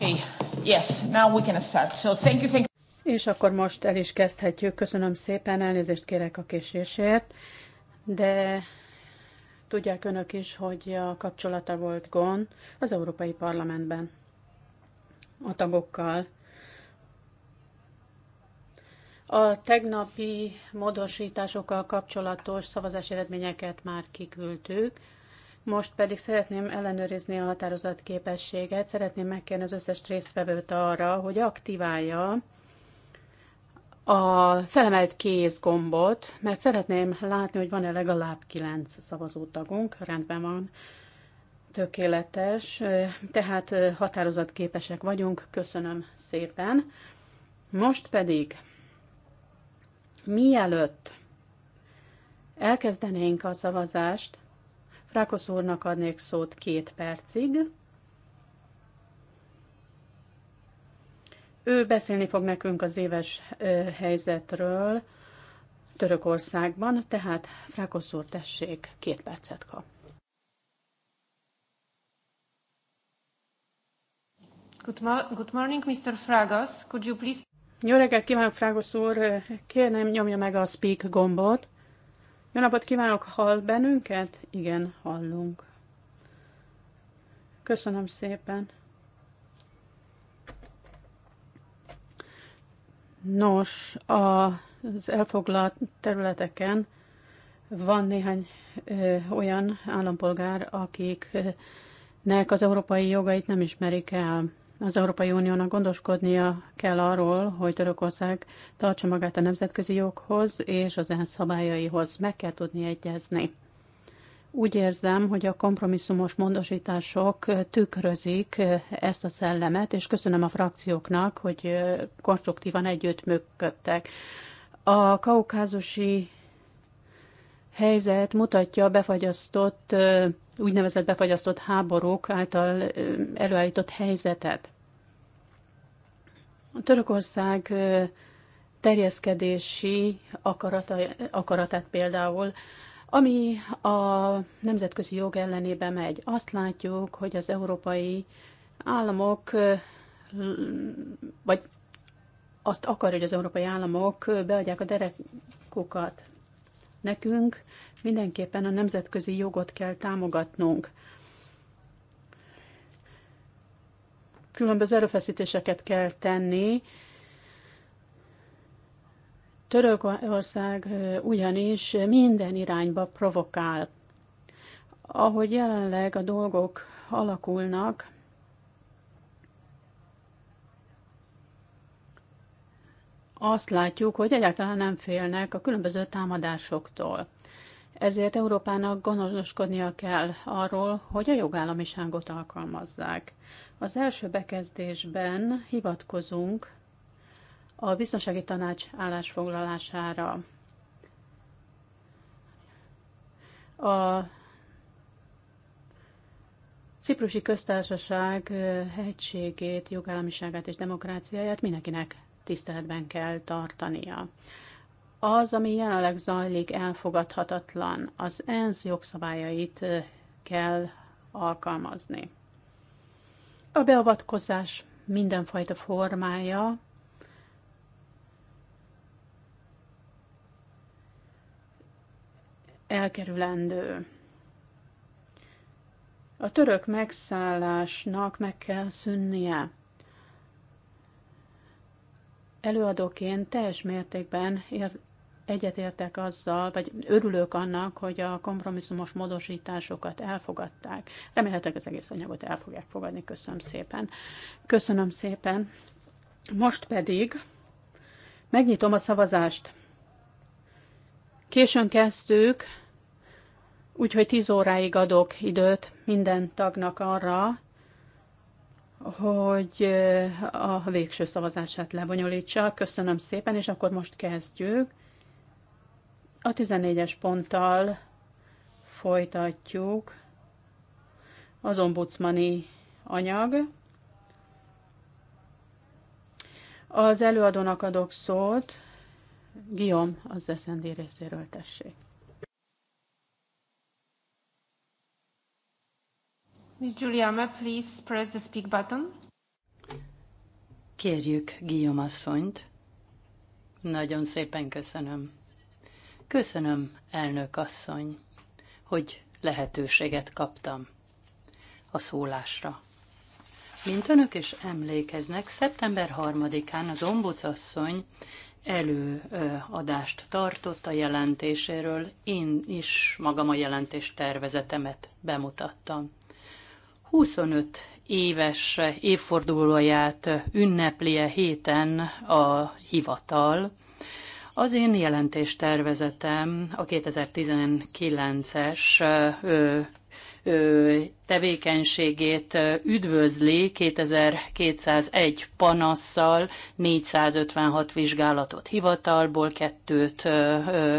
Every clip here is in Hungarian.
Okay. Yes, now we can start. So thank you, thank you. És akkor most el is kezdhetjük. Köszönöm szépen, elnézést kérek a késésért, de tudják önök is, hogy a kapcsolata volt gond az Európai Parlamentben a tagokkal. A tegnapi módosításokkal kapcsolatos szavazási eredményeket már kiküldtük. Most pedig szeretném ellenőrizni a határozat képességet, szeretném megkérni az összes résztvevőt arra, hogy aktiválja a felemelt kéz gombot, mert szeretném látni, hogy van-e legalább kilenc szavazótagunk, rendben van, tökéletes, tehát határozatképesek vagyunk, köszönöm szépen. Most pedig, mielőtt elkezdenénk a szavazást, Rákos úrnak adnék szót két percig. Ő beszélni fog nekünk az éves helyzetről Törökországban, tehát Frákosz úr, tessék, két percet kap. Good, good morning, Mr. Fragos. Could you please... Jó reggelt kívánok, Frágosz úr! Kérem, nyomja meg a speak gombot. Jó napot kívánok, hall bennünket? Igen, hallunk. Köszönöm szépen. Nos, az elfoglalt területeken van néhány ö, olyan állampolgár, akiknek az európai jogait nem ismerik el. Az Európai Uniónak gondoskodnia kell arról, hogy Törökország tartsa magát a nemzetközi joghoz és az ENSZ szabályaihoz. Meg kell tudni egyezni. Úgy érzem, hogy a kompromisszumos módosítások tükrözik ezt a szellemet, és köszönöm a frakcióknak, hogy konstruktívan működtek. A kaukázusi helyzet mutatja befagyasztott úgynevezett befagyasztott háborúk által előállított helyzetet. A Törökország terjeszkedési akarata, akaratát például, ami a nemzetközi jog ellenébe megy. Azt látjuk, hogy az európai államok, vagy azt akar, hogy az európai államok beadják a derekukat nekünk, Mindenképpen a nemzetközi jogot kell támogatnunk. Különböző erőfeszítéseket kell tenni. Törökország ugyanis minden irányba provokál. Ahogy jelenleg a dolgok alakulnak, azt látjuk, hogy egyáltalán nem félnek a különböző támadásoktól. Ezért Európának gondoskodnia kell arról, hogy a jogállamiságot alkalmazzák. Az első bekezdésben hivatkozunk a biztonsági tanács állásfoglalására. A Ciprusi köztársaság hegységét, jogállamiságát és demokráciáját mindenkinek tiszteletben kell tartania. Az, ami jelenleg zajlik, elfogadhatatlan. Az ENSZ jogszabályait kell alkalmazni. A beavatkozás mindenfajta formája elkerülendő. A török megszállásnak meg kell szűnnie. Előadóként teljes mértékben egyetértek azzal, vagy örülök annak, hogy a kompromisszumos módosításokat elfogadták. Remélhetőleg az egész anyagot el fogják fogadni. Köszönöm szépen. Köszönöm szépen. Most pedig megnyitom a szavazást. Későn kezdtük, úgyhogy 10 óráig adok időt minden tagnak arra, hogy eh, a végső szavazását lebonyolítsa. Köszönöm szépen, és akkor most kezdjük. A 14-es ponttal folytatjuk az ombudsmani anyag. Az előadónak adok szót, Guillaume az SZND részéről tessék. Miss Giuliana, please press the speak button. Kérjük Guillaume asszonyt. Nagyon szépen köszönöm. Köszönöm, elnök asszony, hogy lehetőséget kaptam a szólásra. Mint önök is emlékeznek, szeptember 3-án az ombudsasszony előadást tartott a jelentéséről, én is magam a jelentés tervezetemet bemutattam. 25 éves évfordulóját ünnepli a e héten a hivatal, az én tervezetem a 2019-es tevékenységét üdvözli 2201 panasszal, 456 vizsgálatot hivatalból, kettőt,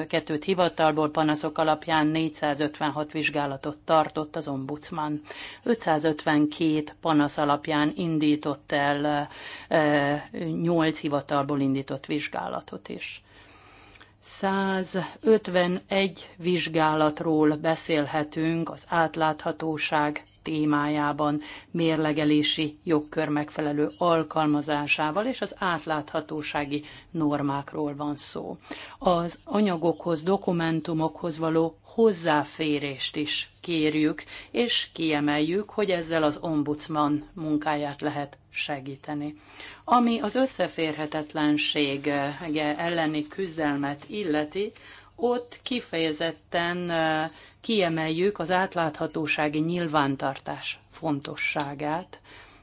kettőt hivatalból panaszok alapján 456 vizsgálatot tartott az ombudsman. 552 panasz alapján indított el 8 hivatalból indított vizsgálatot is. 151 vizsgálatról beszélhetünk az átláthatóság témájában mérlegelési jogkör megfelelő alkalmazásával és az átláthatósági normákról van szó. Az anyagokhoz, dokumentumokhoz való hozzáférést is kérjük, és kiemeljük, hogy ezzel az ombudsman munkáját lehet segíteni. Ami az összeférhetetlenség eh, elleni küzdelmet illeti, ott kifejezetten eh, kiemeljük az átláthatósági nyilvántartás fontosságát,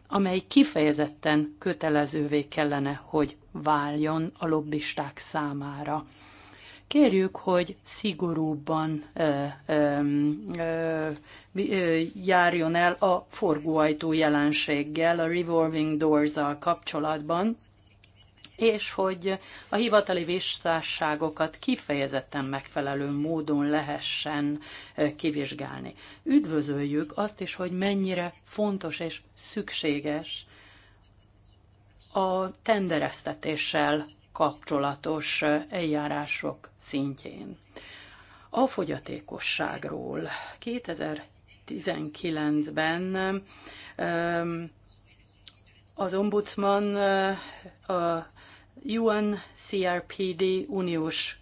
amely kifejezetten kötelezővé kellene, hogy váljon a lobbisták számára. Kérjük, hogy szigorúbban ö, ö, ö, járjon el a forgóajtó jelenséggel, a revolving doors-al kapcsolatban, és hogy a hivatali visszásságokat kifejezetten megfelelő módon lehessen kivizsgálni. Üdvözöljük azt is, hogy mennyire fontos és szükséges a tendereztetéssel kapcsolatos eljárások szintjén. A fogyatékosságról 2019-ben az ombudsman a UNCRPD uniós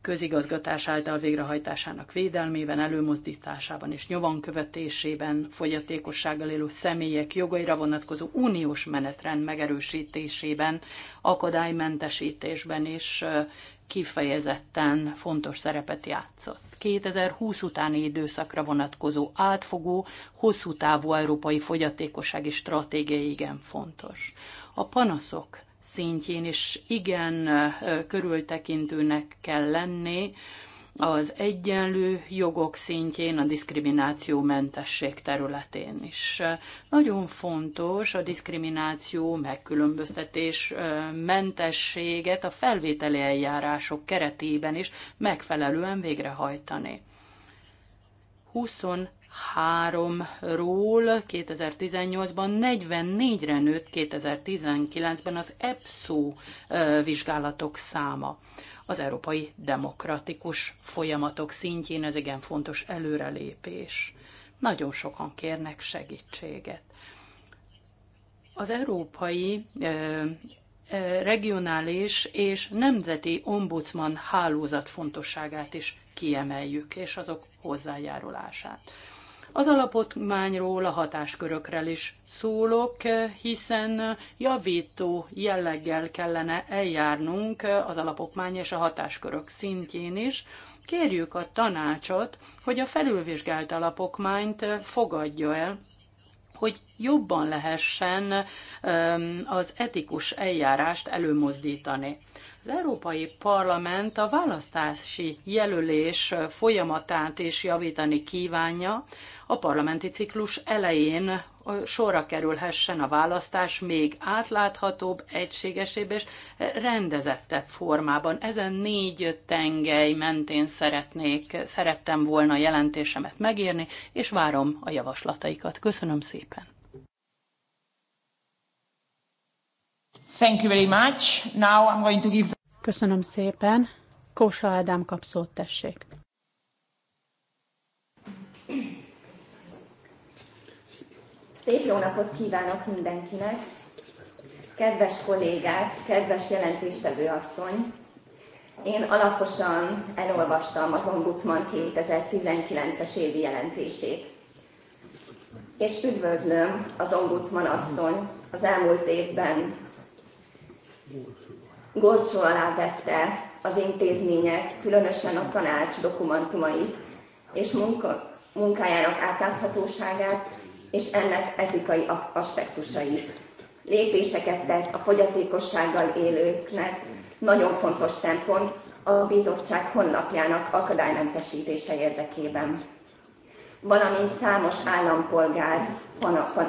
közigazgatás által végrehajtásának védelmében, előmozdításában és nyomon követésében, fogyatékossággal élő személyek jogaira vonatkozó uniós menetrend megerősítésében, akadálymentesítésben és kifejezetten fontos szerepet játszott. 2020 utáni időszakra vonatkozó átfogó, hosszú távú európai fogyatékossági stratégia igen fontos. A panaszok szintjén is igen körültekintőnek kell lenni, az egyenlő jogok szintjén, a diszkrimináció mentesség területén is. Nagyon fontos a diszkrimináció megkülönböztetés mentességet a felvételi eljárások keretében is megfelelően végrehajtani. 20 3-ról 2018-ban 44-re nőtt 2019-ben az EPSU vizsgálatok száma. Az európai demokratikus folyamatok szintjén ez igen fontos előrelépés. Nagyon sokan kérnek segítséget. Az európai regionális és nemzeti ombudsman hálózat fontosságát is kiemeljük, és azok hozzájárulását. Az alapotmányról a hatáskörökről is szólok, hiszen javító jelleggel kellene eljárnunk az alapokmány és a hatáskörök szintjén is. Kérjük a tanácsot, hogy a felülvizsgált alapokmányt fogadja el, hogy jobban lehessen az etikus eljárást előmozdítani. Az Európai Parlament a választási jelölés folyamatát is javítani kívánja, a parlamenti ciklus elején sorra kerülhessen a választás még átláthatóbb, egységesebb és rendezettebb formában. Ezen négy tengely mentén szeretnék, szerettem volna a jelentésemet megírni, és várom a javaslataikat. Köszönöm szépen! Thank you very much. Now I'm going to give... Köszönöm szépen. Kósa Ádám kapszót tessék. Szép jó napot kívánok mindenkinek! Kedves kollégák, kedves jelentéstevő asszony! Én alaposan elolvastam az Ombudsman 2019-es évi jelentését. És üdvözlöm az Ombudsman asszony az elmúlt évben gorcsó alá vette az intézmények, különösen a tanács dokumentumait és munka, munkájának átláthatóságát, és ennek etikai aspektusait. Lépéseket tett a fogyatékossággal élőknek, nagyon fontos szempont a bizottság honlapjának akadálymentesítése érdekében. Valamint számos állampolgár,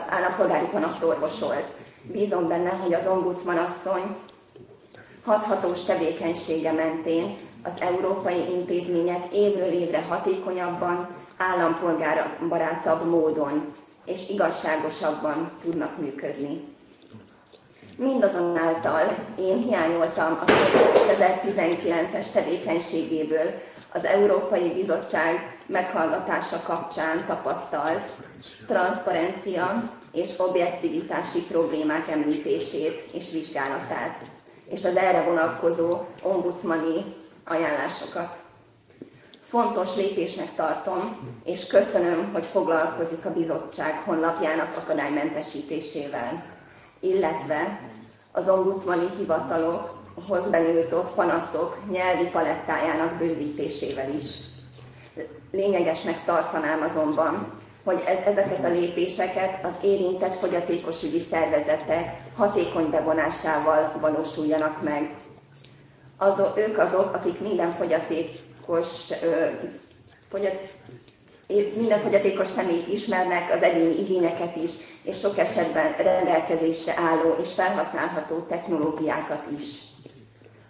állampolgári panaszt orvosolt. Bízom benne, hogy az ombudsman asszony hathatós tevékenysége mentén az európai intézmények évről évre hatékonyabban, barátabb módon és igazságosabban tudnak működni. Mindazonáltal én hiányoltam a 2019-es tevékenységéből az Európai Bizottság meghallgatása kapcsán tapasztalt transzparencia és objektivitási problémák említését és vizsgálatát, és az erre vonatkozó ombudsmani ajánlásokat fontos lépésnek tartom, és köszönöm, hogy foglalkozik a bizottság honlapjának akadálymentesítésével, illetve az ombudsmani hivatalokhoz benyújtott panaszok nyelvi palettájának bővítésével is. Lényegesnek tartanám azonban, hogy e- ezeket a lépéseket az érintett fogyatékosügyi szervezetek hatékony bevonásával valósuljanak meg. Azok, ők azok, akik minden fogyaték, fogyatékos, fogyat, minden fogyatékos szemét ismernek, az egyéni igényeket is, és sok esetben rendelkezésre álló és felhasználható technológiákat is.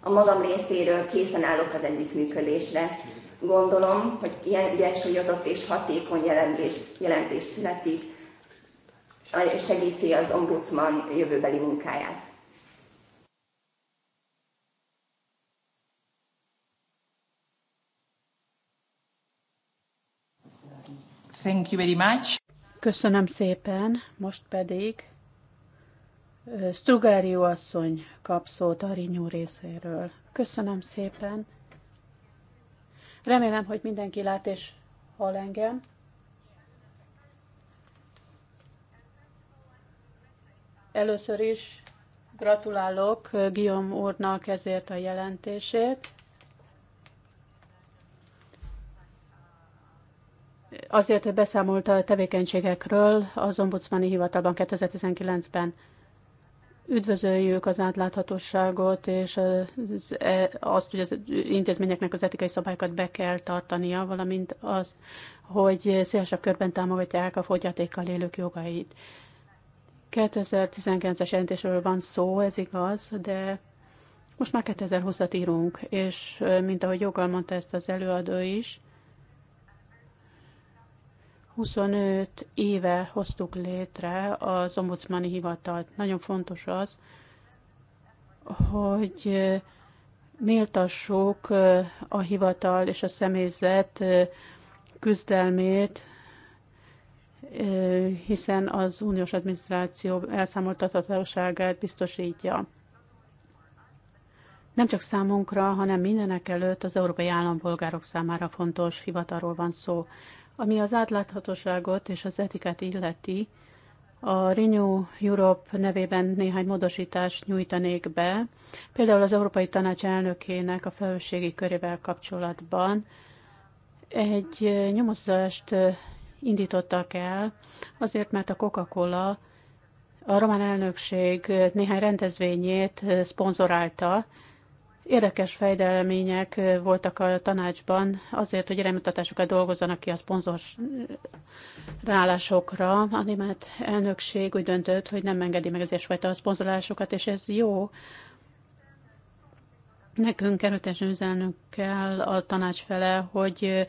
A magam részéről készen állok az együttműködésre. Gondolom, hogy ilyen egyensúlyozott és hatékony jelentés, jelentés születik, segíti az ombudsman jövőbeli munkáját. Thank you very much. Köszönöm szépen, most pedig Strugárió asszony kap szót Arinyú részéről. Köszönöm szépen. Remélem, hogy mindenki lát és hall engem. Először is gratulálok Guillaume úrnak ezért a jelentését. azért, hogy beszámolt a tevékenységekről az ombudsmani hivatalban 2019-ben. Üdvözöljük az átláthatóságot és az, e, azt, hogy az intézményeknek az etikai szabályokat be kell tartania, valamint az, hogy szélesebb körben támogatják a fogyatékkal élők jogait. 2019-es jelentésről van szó, ez igaz, de most már 2020-at írunk, és mint ahogy joggal mondta ezt az előadó is, 25 éve hoztuk létre az ombudsmani hivatalt. Nagyon fontos az, hogy méltassuk a hivatal és a személyzet küzdelmét, hiszen az uniós adminisztráció elszámoltathatóságát biztosítja. Nem csak számunkra, hanem mindenek előtt az európai állampolgárok számára fontos hivatalról van szó. Ami az átláthatóságot és az etikát illeti, a Renew Europe nevében néhány módosítást nyújtanék be, például az Európai Tanács elnökének a felelősségi körével kapcsolatban egy nyomozást indítottak el, azért mert a Coca-Cola a román elnökség néhány rendezvényét szponzorálta, Érdekes fejlemények voltak a tanácsban azért, hogy remutatásokat dolgozzanak ki a szponzors rálásokra. A német elnökség úgy döntött, hogy nem engedi meg ezért fajta a szponzolásokat, és ez jó. Nekünk erőtes üzenőkkel a tanács fele, hogy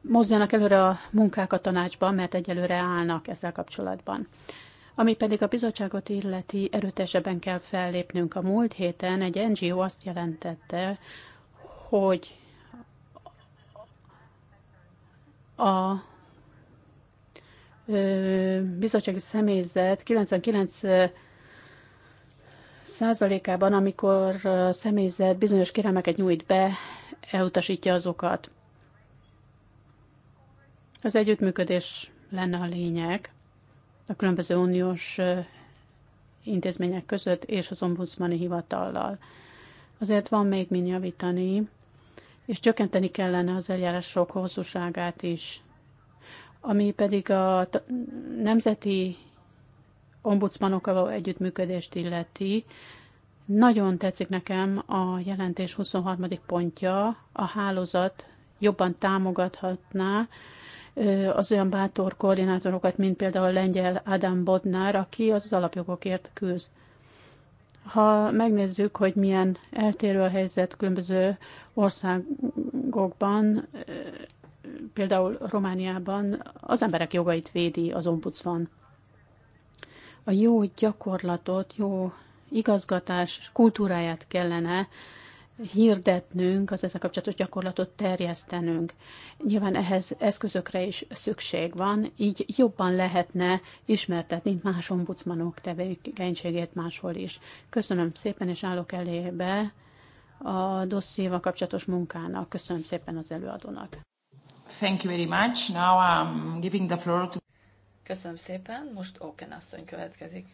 mozdjanak előre a munkák a tanácsban, mert egyelőre állnak ezzel kapcsolatban. Ami pedig a bizottságot illeti, erőtesebben kell fellépnünk. A múlt héten egy NGO azt jelentette, hogy a bizottsági személyzet 99 százalékában, amikor személyzet bizonyos kérelmeket nyújt be, elutasítja azokat. Az együttműködés lenne a lényeg a különböző uniós intézmények között és az ombudsmani hivatallal. Azért van még mind javítani, és csökkenteni kellene az eljárások hosszúságát is. Ami pedig a nemzeti ombudsmanokkal való együttműködést illeti, nagyon tetszik nekem a jelentés 23. pontja, a hálózat jobban támogathatná az olyan bátor koordinátorokat, mint például a lengyel Adam Bodnár, aki az alapjogokért küzd. Ha megnézzük, hogy milyen eltérő a helyzet különböző országokban, például Romániában, az emberek jogait védi az ombudsman. A jó gyakorlatot, jó igazgatás kultúráját kellene hirdetnünk, az ezzel kapcsolatos gyakorlatot terjesztenünk. Nyilván ehhez eszközökre is szükség van, így jobban lehetne ismertetni más ombudsmanok tevékenységét máshol is. Köszönöm szépen, és állok elébe a dosszéval kapcsolatos munkának. Köszönöm szépen az előadónak. Thank you very much. Now I'm giving the floor to... Köszönöm szépen, most Oken asszony következik.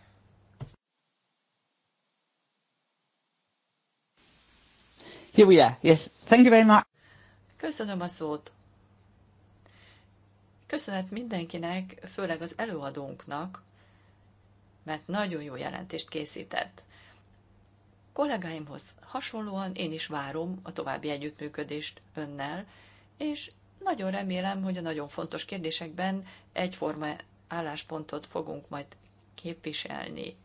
Here we are. Yes. Thank you very much. Köszönöm a szót. Köszönet mindenkinek, főleg az előadónknak, mert nagyon jó jelentést készített. Kollégáimhoz hasonlóan én is várom a további együttműködést önnel, és nagyon remélem, hogy a nagyon fontos kérdésekben egyforma álláspontot fogunk majd képviselni.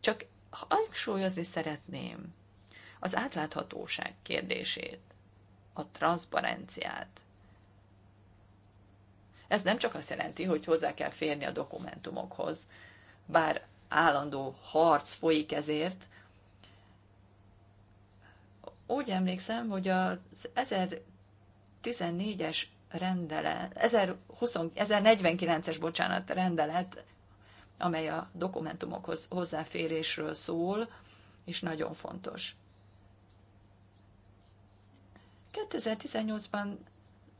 Csak hangsúlyozni szeretném az átláthatóság kérdését, a transzparenciát. Ez nem csak azt jelenti, hogy hozzá kell férni a dokumentumokhoz, bár állandó harc folyik ezért. Úgy emlékszem, hogy az 1014-es rendelet, 1049-es, bocsánat, rendelet amely a dokumentumokhoz hozzáférésről szól, és nagyon fontos. 2018-ban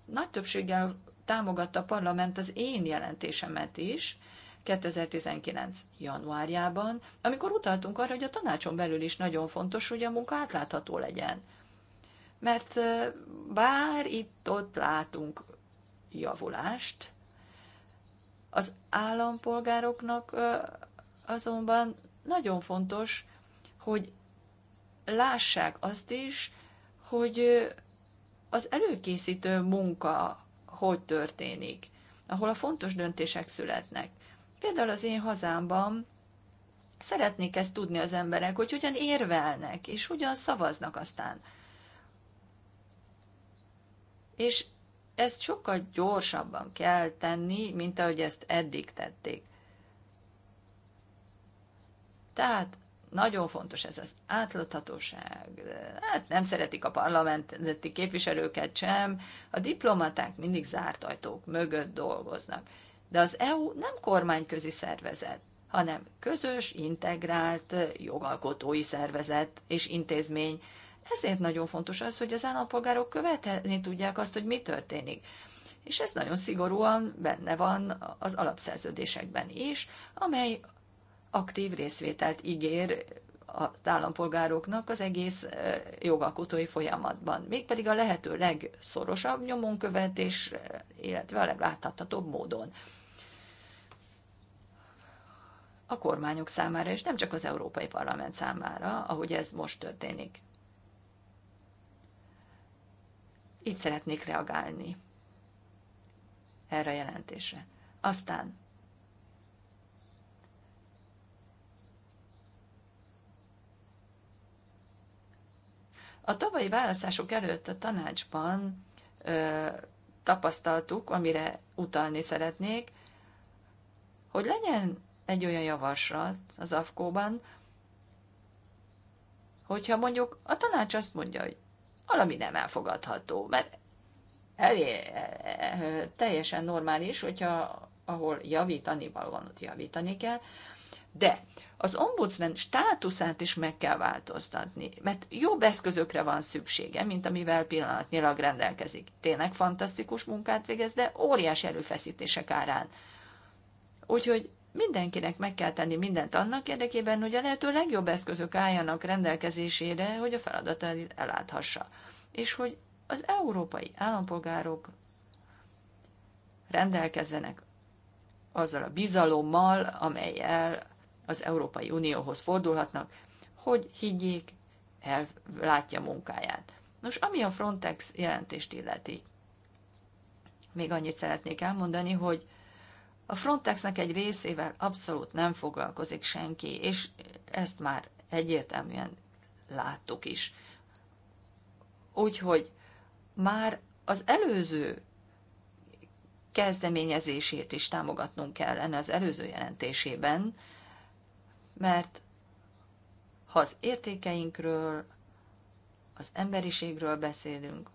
nagy többséggel támogatta a parlament az én jelentésemet is, 2019. januárjában, amikor utaltunk arra, hogy a tanácson belül is nagyon fontos, hogy a munka átlátható legyen. Mert bár itt-ott látunk javulást, az állampolgároknak azonban nagyon fontos, hogy lássák azt is, hogy az előkészítő munka hogy történik, ahol a fontos döntések születnek. Például az én hazámban szeretnék ezt tudni az emberek, hogy hogyan érvelnek, és hogyan szavaznak aztán. És ezt sokkal gyorsabban kell tenni, mint ahogy ezt eddig tették. Tehát nagyon fontos ez az átlathatóság. Hát nem szeretik a parlamenti képviselőket sem, a diplomaták mindig zárt ajtók mögött dolgoznak. De az EU nem kormányközi szervezet, hanem közös, integrált jogalkotói szervezet és intézmény, ezért nagyon fontos az, hogy az állampolgárok követni tudják azt, hogy mi történik. És ez nagyon szigorúan benne van az alapszerződésekben is, amely aktív részvételt ígér az állampolgároknak az egész jogalkotói folyamatban, mégpedig a lehető legszorosabb nyomonkövetés, illetve a legláthatatóbb módon. A kormányok számára, és nem csak az Európai Parlament számára, ahogy ez most történik. Így szeretnék reagálni erre a jelentésre. Aztán A tavalyi választások előtt a tanácsban ö, tapasztaltuk, amire utalni szeretnék, hogy legyen egy olyan javaslat az AFKO-ban, hogyha mondjuk a tanács azt mondja, hogy valami nem elfogadható, mert elé, e, e, e, teljesen normális, hogyha ahol javítani való van, ott javítani kell, de az ombudsman státuszát is meg kell változtatni, mert jobb eszközökre van szüksége, mint amivel pillanatnyilag rendelkezik. Tényleg fantasztikus munkát végez, de óriás erőfeszítések árán. Úgyhogy Mindenkinek meg kell tenni mindent annak érdekében, hogy a lehető legjobb eszközök álljanak rendelkezésére, hogy a feladatát eláthassa. És hogy az európai állampolgárok rendelkezzenek azzal a bizalommal, amelyel az Európai Unióhoz fordulhatnak, hogy higgyék, el látja munkáját. Nos, ami a Frontex jelentést illeti, még annyit szeretnék elmondani, hogy a Frontexnek egy részével abszolút nem foglalkozik senki, és ezt már egyértelműen láttuk is. Úgyhogy már az előző kezdeményezését is támogatnunk kellene az előző jelentésében, mert ha az értékeinkről, az emberiségről beszélünk,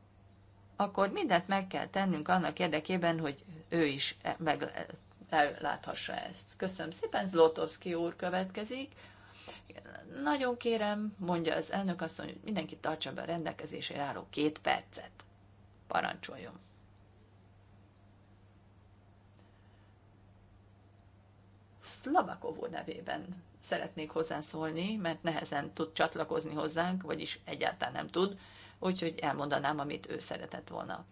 akkor mindent meg kell tennünk annak érdekében, hogy ő is meg láthassa ezt. Köszönöm szépen, Zlotowski úr következik. Nagyon kérem, mondja az elnök asszony, hogy mindenki tartsa be a rendelkezésére álló két percet. Parancsoljon. Szlavakovó nevében szeretnék hozzászólni, mert nehezen tud csatlakozni hozzánk, vagyis egyáltalán nem tud, úgyhogy elmondanám, amit ő szeretett volna.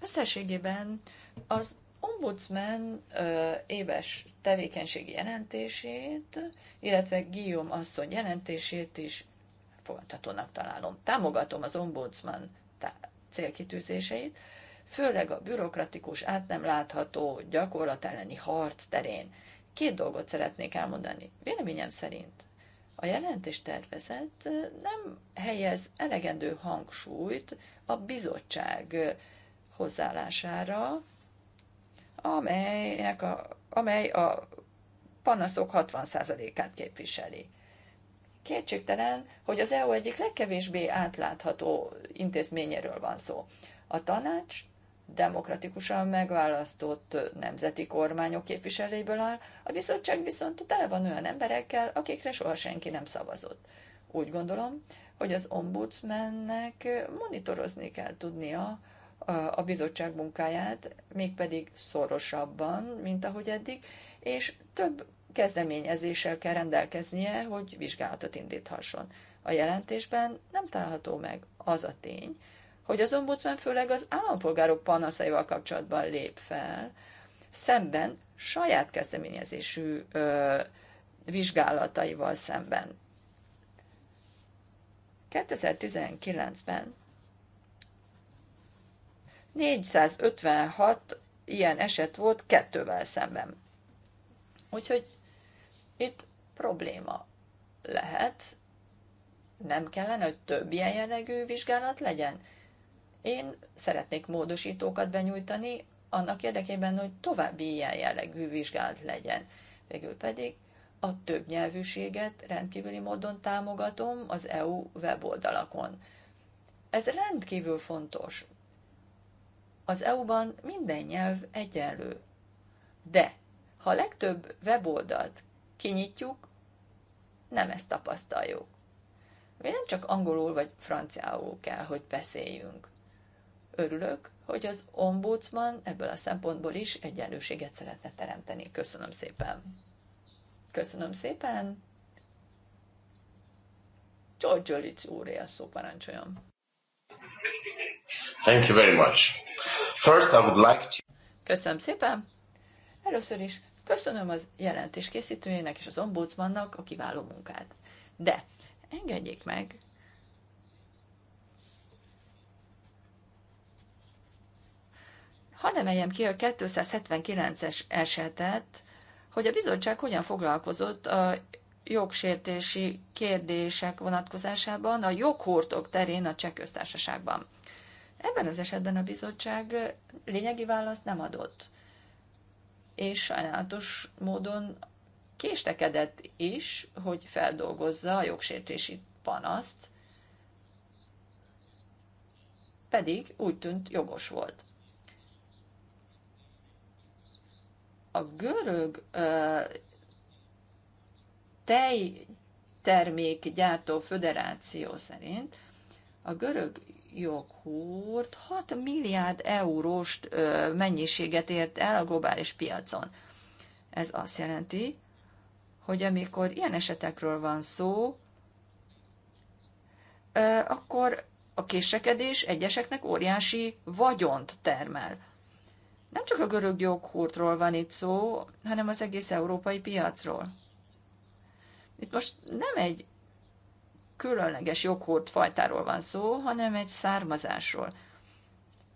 Összességében az ombudsman éves tevékenységi jelentését, illetve Guillaume asszony jelentését is folytatónak találom. Támogatom az ombudsman tá- célkitűzéseit, főleg a bürokratikus, át nem látható gyakorlat elleni harc terén. Két dolgot szeretnék elmondani. Véleményem szerint a jelentés tervezet nem helyez elegendő hangsúlyt a bizottság hozzáállására, amelynek a, amely a panaszok 60%-át képviseli. Kétségtelen, hogy az EU egyik legkevésbé átlátható intézményéről van szó. A tanács demokratikusan megválasztott nemzeti kormányok képviseléből áll, a bizottság viszont tele van olyan emberekkel, akikre soha senki nem szavazott. Úgy gondolom, hogy az ombudsmannek monitorozni kell tudnia, a bizottság munkáját, mégpedig szorosabban, mint ahogy eddig, és több kezdeményezéssel kell rendelkeznie, hogy vizsgálatot indíthasson. A jelentésben nem található meg az a tény, hogy az ombudsman főleg az állampolgárok panaszaival kapcsolatban lép fel, szemben saját kezdeményezésű ö, vizsgálataival szemben. 2019-ben 456 ilyen eset volt kettővel szemben. Úgyhogy itt probléma lehet, nem kellene, hogy több ilyen jellegű vizsgálat legyen. Én szeretnék módosítókat benyújtani, annak érdekében, hogy további ilyen jellegű vizsgálat legyen. Végül pedig a nyelvűséget rendkívüli módon támogatom az EU weboldalakon. Ez rendkívül fontos, az EU-ban minden nyelv egyenlő. De ha a legtöbb weboldalt kinyitjuk, nem ezt tapasztaljuk. Mi nem csak angolul vagy franciául kell, hogy beszéljünk. Örülök, hogy az ombudsman ebből a szempontból is egyenlőséget szeretne teremteni. Köszönöm szépen. Köszönöm szépen. George Lic úr, a szó parancsoljon. Thank you very much. First, I would like to... Köszönöm szépen! Először is köszönöm az jelentés készítőjének és az ombudsmannak a kiváló munkát. De engedjék meg, nem emeljem ki a 279-es esetet, hogy a bizottság hogyan foglalkozott a jogsértési kérdések vonatkozásában a joghurtok terén a cseh köztársaságban. Ebben az esetben a bizottság lényegi választ nem adott. És sajnálatos módon késtekedett is, hogy feldolgozza a jogsértési panaszt, pedig úgy tűnt jogos volt. A görög uh, tejtermékgyártó föderáció szerint a görög joghurt 6 milliárd eurós mennyiséget ért el a globális piacon. Ez azt jelenti, hogy amikor ilyen esetekről van szó, akkor a késekedés egyeseknek óriási vagyont termel. Nem csak a görög joghurtról van itt szó, hanem az egész európai piacról. Itt most nem egy különleges joghurt fajtáról van szó, hanem egy származásról.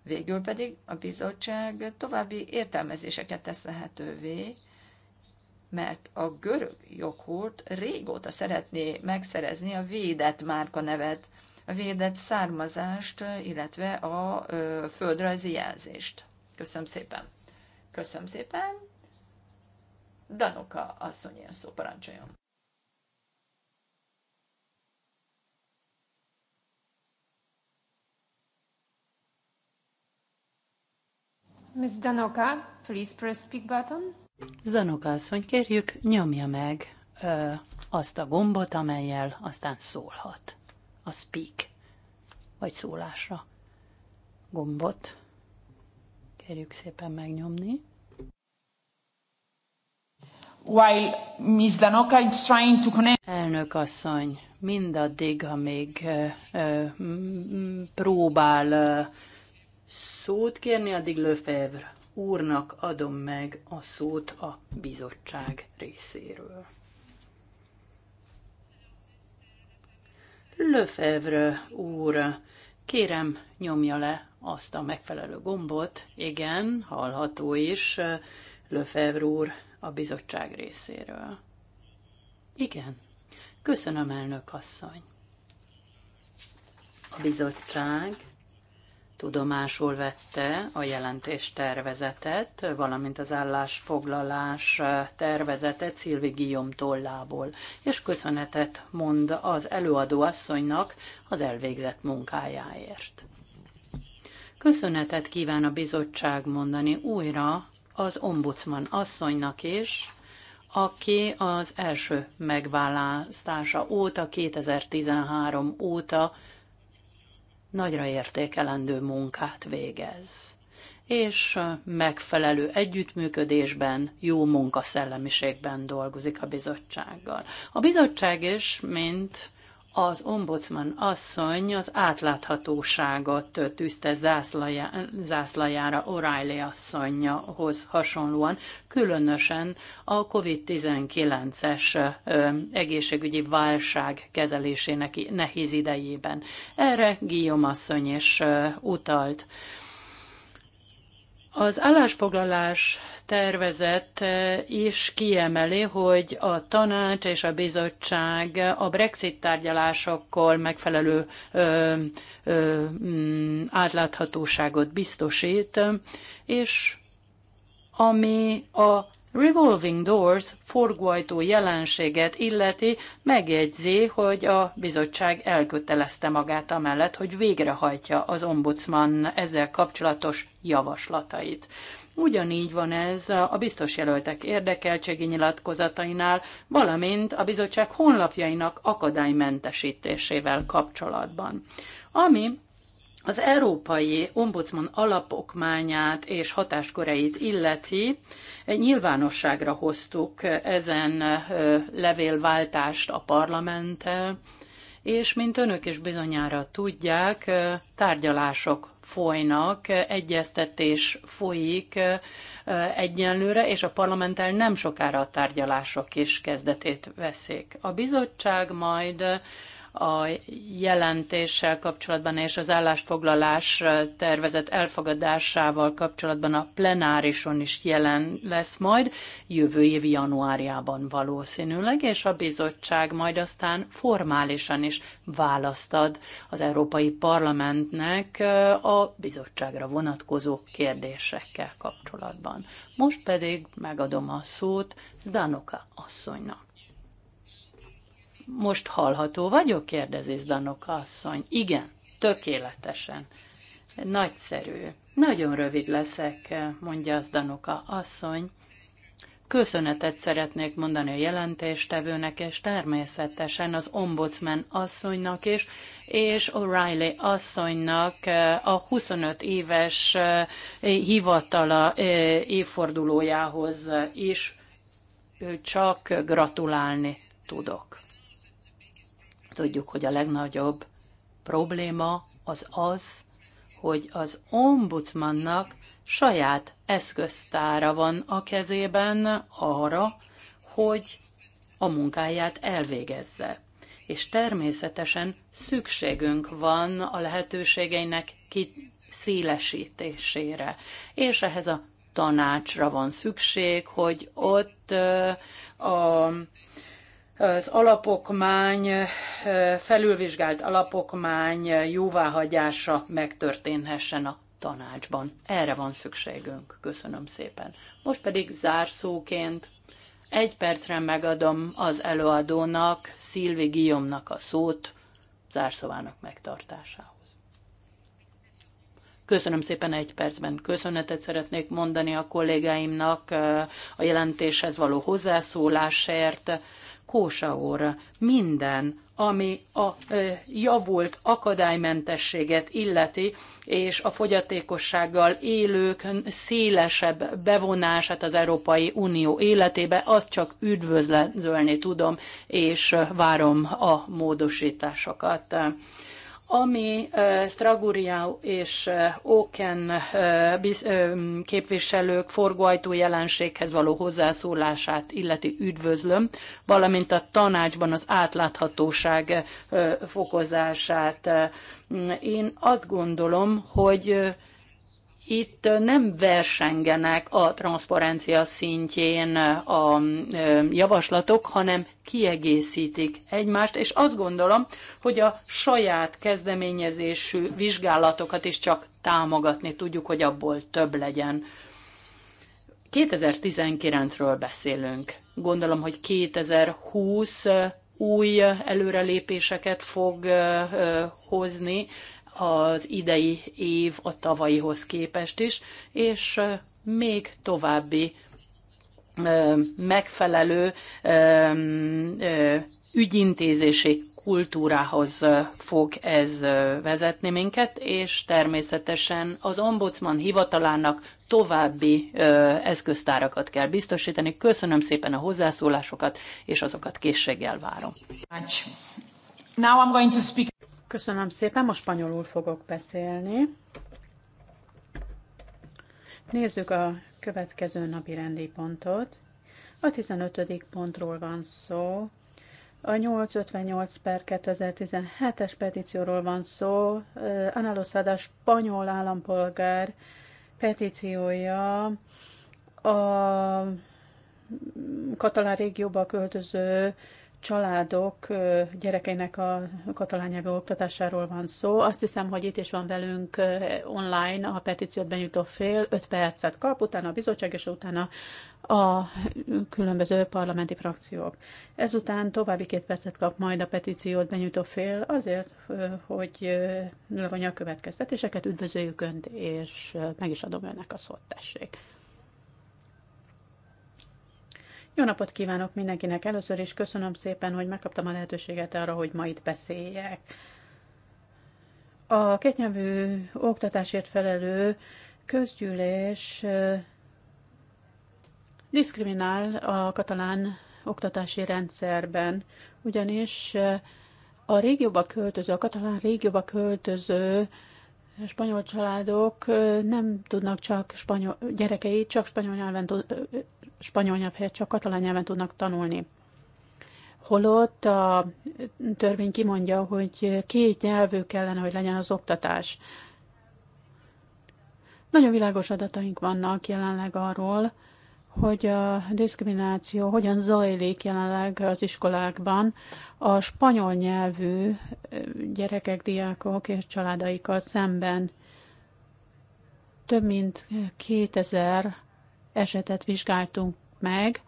Végül pedig a bizottság további értelmezéseket tesz lehetővé, mert a görög joghurt régóta szeretné megszerezni a védett márka nevet, a védett származást, illetve a ö, földrajzi jelzést. Köszönöm szépen. Köszönöm szépen. Danoka asszony ilyen szó parancsoljon. Ms. Danoka, please press speak button. Zdanoka asszony, kérjük, nyomja meg ö, azt a gombot, amelyel aztán szólhat. A speak, vagy szólásra gombot. Kérjük szépen megnyomni. While Ms. Danoka is trying to connect... Elnök asszony, mindaddig, amíg ö, ö, próbál ö, szót kérni, addig Lefebvre úrnak adom meg a szót a bizottság részéről. Lefebvre úr, kérem nyomja le azt a megfelelő gombot. Igen, hallható is Lefebvre úr a bizottság részéről. Igen, köszönöm elnök asszony. A bizottság tudomásul vette a jelentés tervezetet, valamint az állásfoglalás tervezetet Szilvi Guillaume tollából, és köszönetet mond az előadó asszonynak az elvégzett munkájáért. Köszönetet kíván a bizottság mondani újra az ombudsman asszonynak is, aki az első megválasztása óta, 2013 óta nagyra értékelendő munkát végez és megfelelő együttműködésben, jó munkaszellemiségben dolgozik a bizottsággal. A bizottság is, mint az ombudsman asszony az átláthatóságot tűzte zászlaja, zászlajára O'Reilly asszonyhoz hasonlóan, különösen a COVID-19-es egészségügyi válság kezelésének nehéz idejében. Erre Guillaume asszony is utalt. Az állásfoglalás tervezet eh, is kiemeli, hogy a tanács és a bizottság a Brexit tárgyalásokkal megfelelő ö, ö, mm, átláthatóságot biztosít, és ami a revolving doors forgóajtó jelenséget illeti, megjegyzi, hogy a bizottság elkötelezte magát amellett, hogy végrehajtja az ombudsman ezzel kapcsolatos javaslatait. Ugyanígy van ez a biztos jelöltek érdekeltségi nyilatkozatainál, valamint a bizottság honlapjainak akadálymentesítésével kapcsolatban. Ami az Európai Ombudsman alapokmányát és hatásköreit illeti, nyilvánosságra hoztuk ezen levélváltást a parlamenttel, és mint önök is bizonyára tudják, tárgyalások folynak, egyeztetés folyik egyenlőre, és a parlamenttel nem sokára a tárgyalások is kezdetét veszik. A bizottság majd a jelentéssel kapcsolatban és az állásfoglalás tervezet elfogadásával kapcsolatban a plenárison is jelen lesz majd, jövő év januárjában valószínűleg, és a bizottság majd aztán formálisan is választ ad az Európai Parlamentnek a bizottságra vonatkozó kérdésekkel kapcsolatban. Most pedig megadom a szót Zdanoka asszonynak. Most hallható vagyok? kérdezi Zdanok asszony. Igen, tökéletesen. Nagyszerű. Nagyon rövid leszek, mondja Danoka asszony. Köszönetet szeretnék mondani a jelentéstevőnek, és természetesen az ombudsman asszonynak is, és O'Reilly asszonynak eh, a 25 éves eh, hivatala eh, évfordulójához is csak gratulálni tudok. Tudjuk, hogy a legnagyobb probléma az az, hogy az ombudsmannak saját eszköztára van a kezében arra, hogy a munkáját elvégezze. És természetesen szükségünk van a lehetőségeinek kiszélesítésére. És ehhez a tanácsra van szükség, hogy ott a az alapokmány, felülvizsgált alapokmány jóváhagyása megtörténhessen a tanácsban. Erre van szükségünk. Köszönöm szépen. Most pedig zárszóként egy percre megadom az előadónak, Szilvi Guillaume-nak a szót zárszavának megtartásához. Köszönöm szépen egy percben. Köszönetet szeretnék mondani a kollégáimnak a jelentéshez való hozzászólásért Kósa óra, minden, ami a javult akadálymentességet illeti, és a fogyatékossággal élők szélesebb bevonását az Európai Unió életébe, azt csak üdvözlölni tudom, és várom a módosításokat ami Straguriau és Oken képviselők forgóajtó jelenséghez való hozzászólását illeti üdvözlöm, valamint a tanácsban az átláthatóság fokozását. Én azt gondolom, hogy itt nem versengenek a transzparencia szintjén a javaslatok, hanem kiegészítik egymást, és azt gondolom, hogy a saját kezdeményezésű vizsgálatokat is csak támogatni tudjuk, hogy abból több legyen. 2019-ről beszélünk. Gondolom, hogy 2020 új előrelépéseket fog hozni az idei év a tavalyihoz képest is, és még további megfelelő ügyintézési kultúrához fog ez vezetni minket, és természetesen az ombudsman hivatalának további eszköztárakat kell biztosítani. Köszönöm szépen a hozzászólásokat, és azokat készséggel várom. Now I'm going to speak. Köszönöm szépen, most spanyolul fogok beszélni. Nézzük a következő napi rendi pontot. A 15. pontról van szó. A 858 per 2017-es petícióról van szó. Ana spanyol állampolgár petíciója a katalán régióba költöző családok gyerekeinek a katalán nyelvű oktatásáról van szó. Azt hiszem, hogy itt is van velünk online a petíciót benyújtó fél, Öt percet kap, utána a bizottság, és utána a különböző parlamenti frakciók. Ezután további két percet kap majd a petíciót benyújtó fél azért, hogy levonja a következtetéseket, üdvözöljük Önt, és meg is adom Önnek a szót, tessék. Jó napot kívánok mindenkinek! Először is köszönöm szépen, hogy megkaptam a lehetőséget arra, hogy ma itt beszéljek. A kétnyelvű oktatásért felelő közgyűlés diszkriminál a katalán oktatási rendszerben, ugyanis a régióba költöző, a katalán régióba költöző spanyol családok nem tudnak csak spanyol, gyerekei csak spanyol nyelven spanyol nyelv helyett csak katalán nyelven tudnak tanulni. Holott a törvény kimondja, hogy két nyelvű kellene, hogy legyen az oktatás. Nagyon világos adataink vannak jelenleg arról, hogy a diszkrimináció hogyan zajlik jelenleg az iskolákban a spanyol nyelvű gyerekek, diákok és családaikkal szemben. Több mint 2000 esetet vizsgáltunk meg.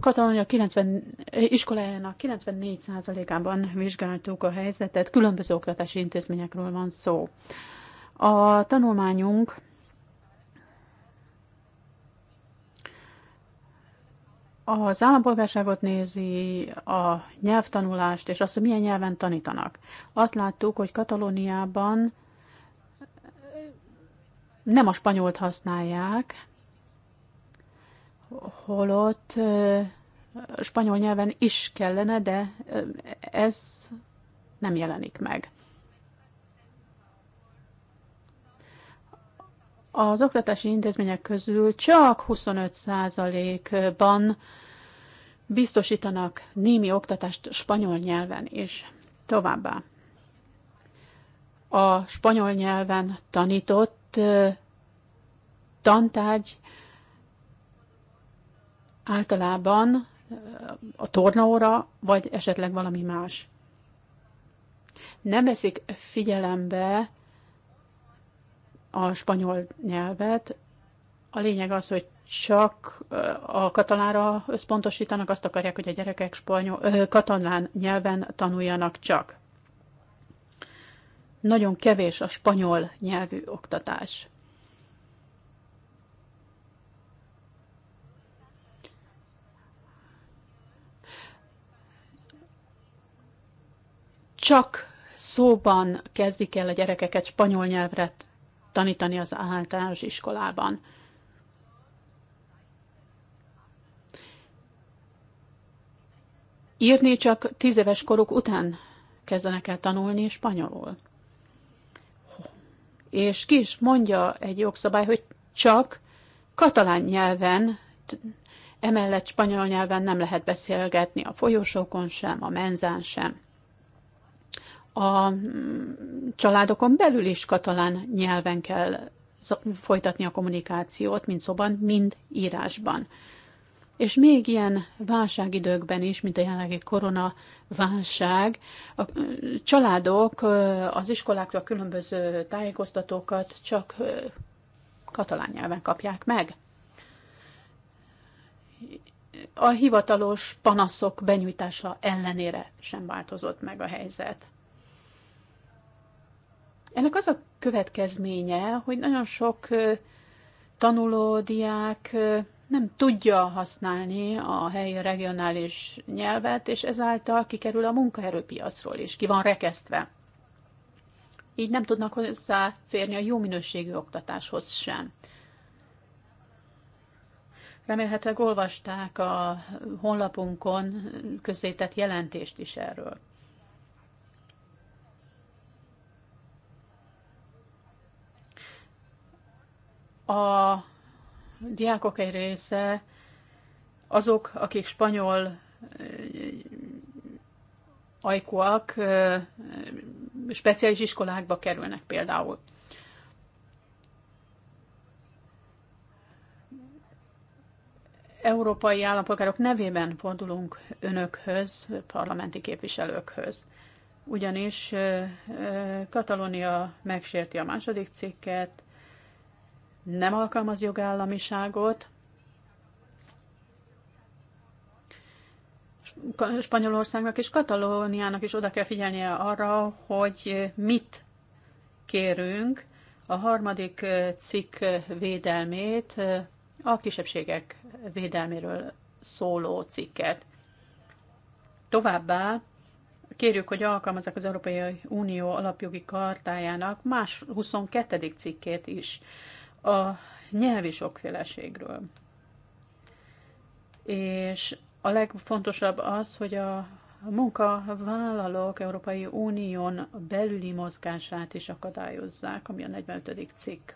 Katalónia 90, iskolájának 94%-ában vizsgáltuk a helyzetet, különböző oktatási intézményekről van szó. A tanulmányunk az állampolgárságot nézi, a nyelvtanulást, és azt, hogy milyen nyelven tanítanak. Azt láttuk, hogy Katalóniában nem a spanyolt használják, holott spanyol nyelven is kellene, de ez nem jelenik meg. Az oktatási intézmények közül csak 25%-ban biztosítanak némi oktatást spanyol nyelven is. Továbbá a spanyol nyelven tanított tantárgy általában a tornaóra, vagy esetleg valami más. Nem veszik figyelembe a spanyol nyelvet. A lényeg az, hogy csak a katalánra összpontosítanak, azt akarják, hogy a gyerekek spanyol, katalán nyelven tanuljanak csak nagyon kevés a spanyol nyelvű oktatás. Csak szóban kezdik el a gyerekeket spanyol nyelvre tanítani az általános iskolában. Írni csak tíz éves koruk után kezdenek el tanulni spanyolul és ki is mondja egy jogszabály, hogy csak katalán nyelven, emellett spanyol nyelven nem lehet beszélgetni a folyosókon sem, a menzán sem. A mm, családokon belül is katalán nyelven kell folytatni a kommunikációt, mind szóban, mind írásban. És még ilyen válságidőkben is, mint a jelenlegi válság, a családok az iskolákra különböző tájékoztatókat csak katalán nyelven kapják meg. A hivatalos panaszok benyújtása ellenére sem változott meg a helyzet. Ennek az a következménye, hogy nagyon sok tanuló, diák nem tudja használni a helyi regionális nyelvet, és ezáltal kikerül a munkaerőpiacról is, ki van rekesztve. Így nem tudnak hozzáférni a jó minőségű oktatáshoz sem. Remélhetőleg olvasták a honlapunkon közzétett jelentést is erről. A diákok egy része azok, akik spanyol eh, ajkúak eh, speciális iskolákba kerülnek például. Európai állampolgárok nevében fordulunk önökhöz, parlamenti képviselőkhöz. Ugyanis eh, Katalónia megsérti a második cikket, nem alkalmaz jogállamiságot, Spanyolországnak és Katalóniának is oda kell figyelnie arra, hogy mit kérünk a harmadik cikk védelmét, a kisebbségek védelméről szóló cikket. Továbbá kérjük, hogy alkalmazzák az Európai Unió alapjogi kartájának más 22. cikkét is a nyelvi sokféleségről. És a legfontosabb az, hogy a munkavállalók Európai Unión belüli mozgását is akadályozzák, ami a 45. cikk.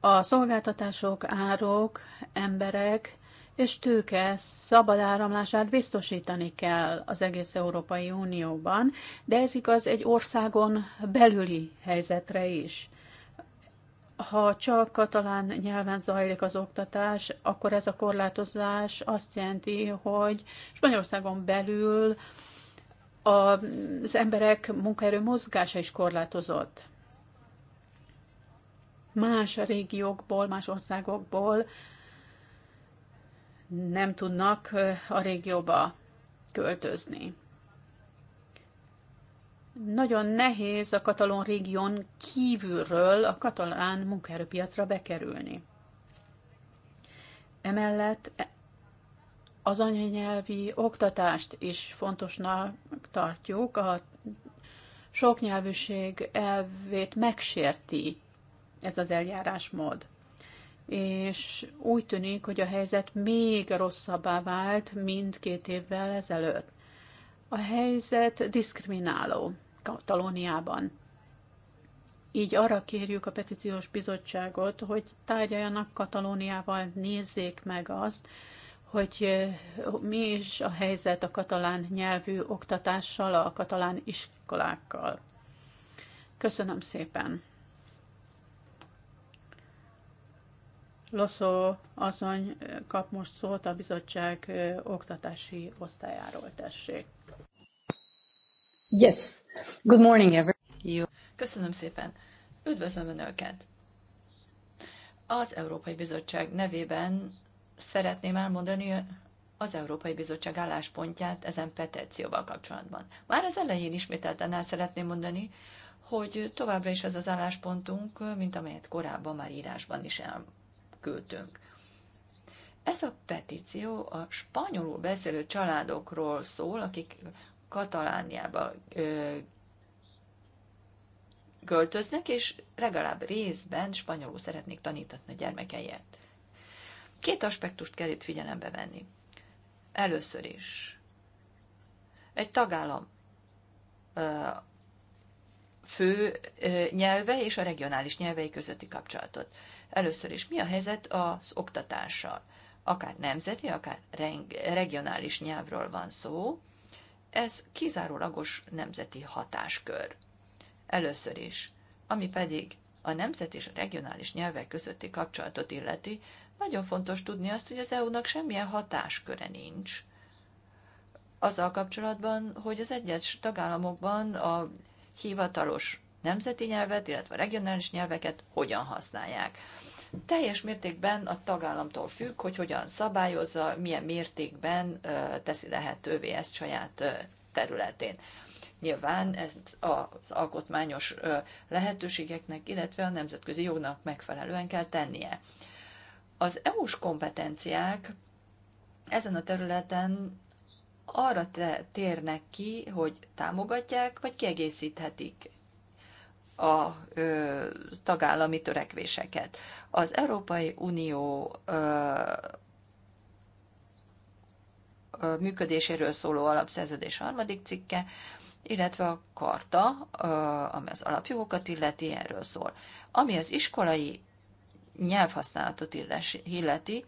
A szolgáltatások, árok, emberek és tőke szabad áramlását biztosítani kell az egész Európai Unióban, de ez igaz egy országon belüli helyzetre is. Ha csak katalán nyelven zajlik az oktatás, akkor ez a korlátozás azt jelenti, hogy Spanyolországon belül az emberek munkaerő mozgása is korlátozott. Más régiókból, más országokból nem tudnak a régióba költözni. Nagyon nehéz a katalon régión kívülről a katalán munkaerőpiacra bekerülni. Emellett az anyanyelvi oktatást is fontosnak tartjuk, a soknyelvűség elvét megsérti ez az eljárásmód és úgy tűnik, hogy a helyzet még rosszabbá vált, mint két évvel ezelőtt. A helyzet diszkrimináló Katalóniában. Így arra kérjük a petíciós bizottságot, hogy tárgyaljanak Katalóniával, nézzék meg azt, hogy eh, mi is a helyzet a katalán nyelvű oktatással, a katalán iskolákkal. Köszönöm szépen! Loszó asszony kap most szót a bizottság oktatási osztályáról, tessék. Yes. Good morning, everyone. Jó. Köszönöm szépen. Üdvözlöm Önöket. Az Európai Bizottság nevében szeretném elmondani az Európai Bizottság álláspontját ezen petícióval kapcsolatban. Már az elején ismételten el szeretném mondani, hogy továbbra is az az álláspontunk, mint amelyet korábban már írásban is küldtünk. Ez a petíció a spanyolul beszélő családokról szól, akik Katalániába ö, költöznek, és legalább részben spanyolul szeretnék tanítatni a gyermekeiket. Két aspektust kell itt figyelembe venni. Először is egy tagállam ö, fő ö, nyelve és a regionális nyelvei közötti kapcsolatot. Először is mi a helyzet az oktatással? Akár nemzeti, akár regionális nyelvről van szó, ez kizárólagos nemzeti hatáskör. Először is, ami pedig a nemzet és a regionális nyelvek közötti kapcsolatot illeti, nagyon fontos tudni azt, hogy az EU-nak semmilyen hatásköre nincs. Azzal kapcsolatban, hogy az egyes tagállamokban a hivatalos nemzeti nyelvet, illetve regionális nyelveket hogyan használják. Teljes mértékben a tagállamtól függ, hogy hogyan szabályozza, milyen mértékben teszi lehetővé ezt saját területén. Nyilván ezt az alkotmányos lehetőségeknek, illetve a nemzetközi jognak megfelelően kell tennie. Az EU-s kompetenciák ezen a területen arra térnek ki, hogy támogatják vagy kiegészíthetik a ö, tagállami törekvéseket. Az Európai Unió ö, ö, működéséről szóló alapszerződés harmadik cikke, illetve a karta, ö, ami az alapjogokat illeti, erről szól. Ami az iskolai nyelvhasználatot illeti,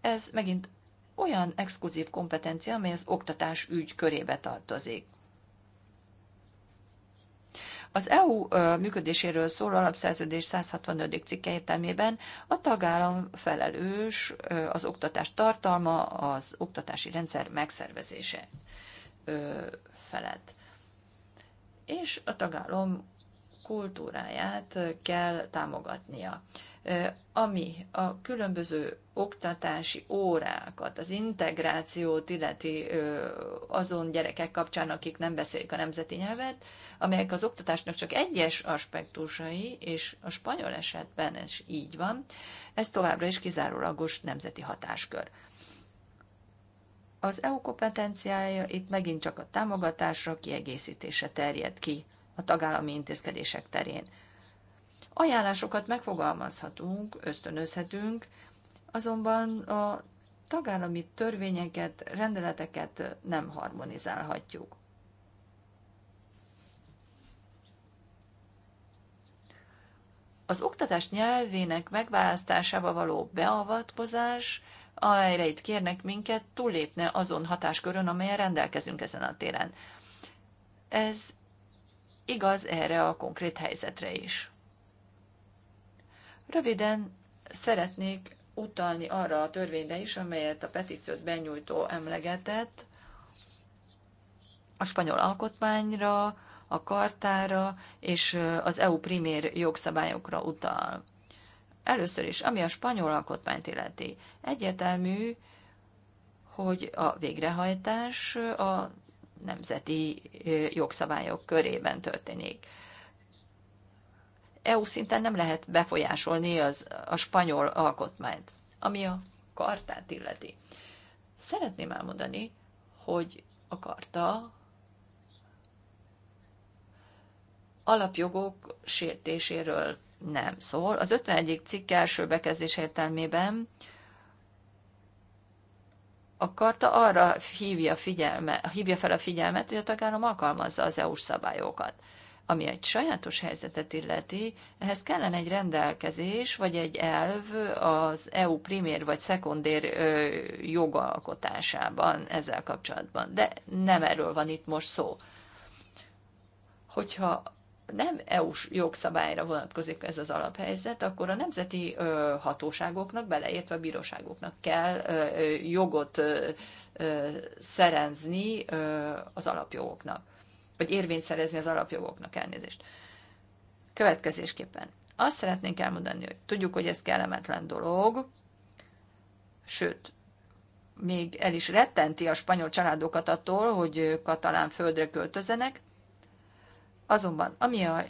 ez megint olyan exkluzív kompetencia, amely az oktatás ügy körébe tartozik. Az EU működéséről szól alapszerződés 165. cikke értelmében a tagállam felelős az oktatás tartalma, az oktatási rendszer megszervezése felett. És a tagállam kultúráját kell támogatnia ami a különböző oktatási órákat, az integrációt illeti azon gyerekek kapcsán, akik nem beszélik a nemzeti nyelvet, amelyek az oktatásnak csak egyes aspektusai, és a spanyol esetben ez így van, ez továbbra is kizárólagos nemzeti hatáskör. Az EU kompetenciája itt megint csak a támogatásra, kiegészítése terjed ki a tagállami intézkedések terén. Ajánlásokat megfogalmazhatunk, ösztönözhetünk, azonban a tagállami törvényeket, rendeleteket nem harmonizálhatjuk. Az oktatás nyelvének megválasztásába való beavatkozás, amelyre itt kérnek minket, túllépne azon hatáskörön, amelyen rendelkezünk ezen a téren. Ez igaz erre a konkrét helyzetre is. Röviden szeretnék utalni arra a törvényre is, amelyet a petíciót benyújtó emlegetett, a spanyol alkotmányra, a kartára és az EU primér jogszabályokra utal. Először is, ami a spanyol alkotmányt illeti, egyetelmű, hogy a végrehajtás a nemzeti jogszabályok körében történik. EU szinten nem lehet befolyásolni az, a spanyol alkotmányt, ami a kartát illeti. Szeretném elmondani, hogy a karta alapjogok sértéséről nem szól. Az 51. cikk első bekezdés értelmében a karta arra hívja, figyelme, hívja fel a figyelmet, hogy a tagállam alkalmazza az EU-s szabályokat. Ami egy sajátos helyzetet illeti, ehhez kellene egy rendelkezés, vagy egy elv az EU primér vagy szekundér jogalkotásában ezzel kapcsolatban. De nem erről van itt most szó. Hogyha nem EU-s jogszabályra vonatkozik ez az alaphelyzet, akkor a nemzeti ö, hatóságoknak, beleértve a bíróságoknak kell ö, jogot ö, szerezni ö, az alapjogoknak vagy érvényt szerezni az alapjogoknak elnézést. Következésképpen azt szeretnénk elmondani, hogy tudjuk, hogy ez kellemetlen dolog, sőt, még el is rettenti a spanyol családokat attól, hogy katalán földre költözenek, azonban ami a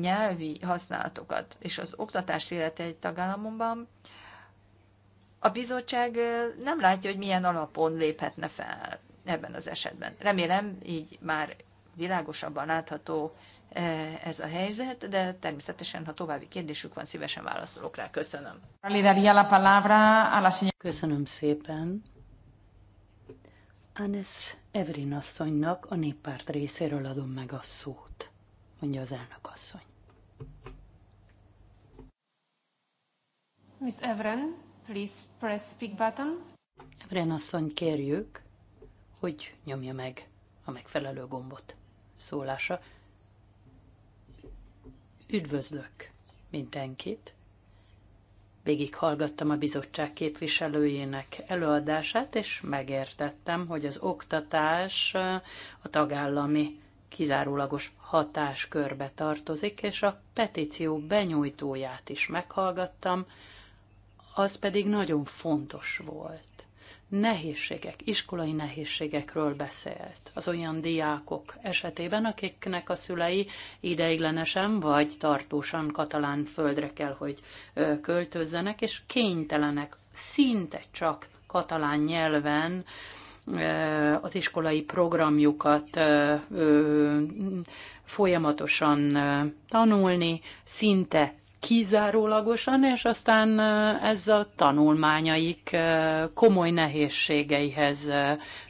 nyelvi használatokat és az oktatást illeti egy tagállamomban, a bizottság nem látja, hogy milyen alapon léphetne fel ebben az esetben. Remélem, így már világosabban látható e, ez a helyzet, de természetesen, ha további kérdésük van, szívesen válaszolok rá. Köszönöm. Köszönöm szépen. Anes Evrin asszonynak a néppárt részéről adom meg a szót, mondja az elnök asszony. Miss Evren, please press speak button. Evren asszony, kérjük, hogy nyomja meg a megfelelő gombot szólása. Üdvözlök mindenkit! hallgattam a bizottság képviselőjének előadását, és megértettem, hogy az oktatás eh, a tagállami kizárólagos hatáskörbe tartozik, és a petíció benyújtóját is meghallgattam, az pedig nagyon fontos volt nehézségek, iskolai nehézségekről beszélt. Az olyan diákok esetében, akiknek a szülei ideiglenesen vagy tartósan katalán földre kell, hogy költözzenek, és kénytelenek szinte csak katalán nyelven az iskolai programjukat folyamatosan tanulni, szinte kizárólagosan, és aztán ez a tanulmányaik komoly nehézségeihez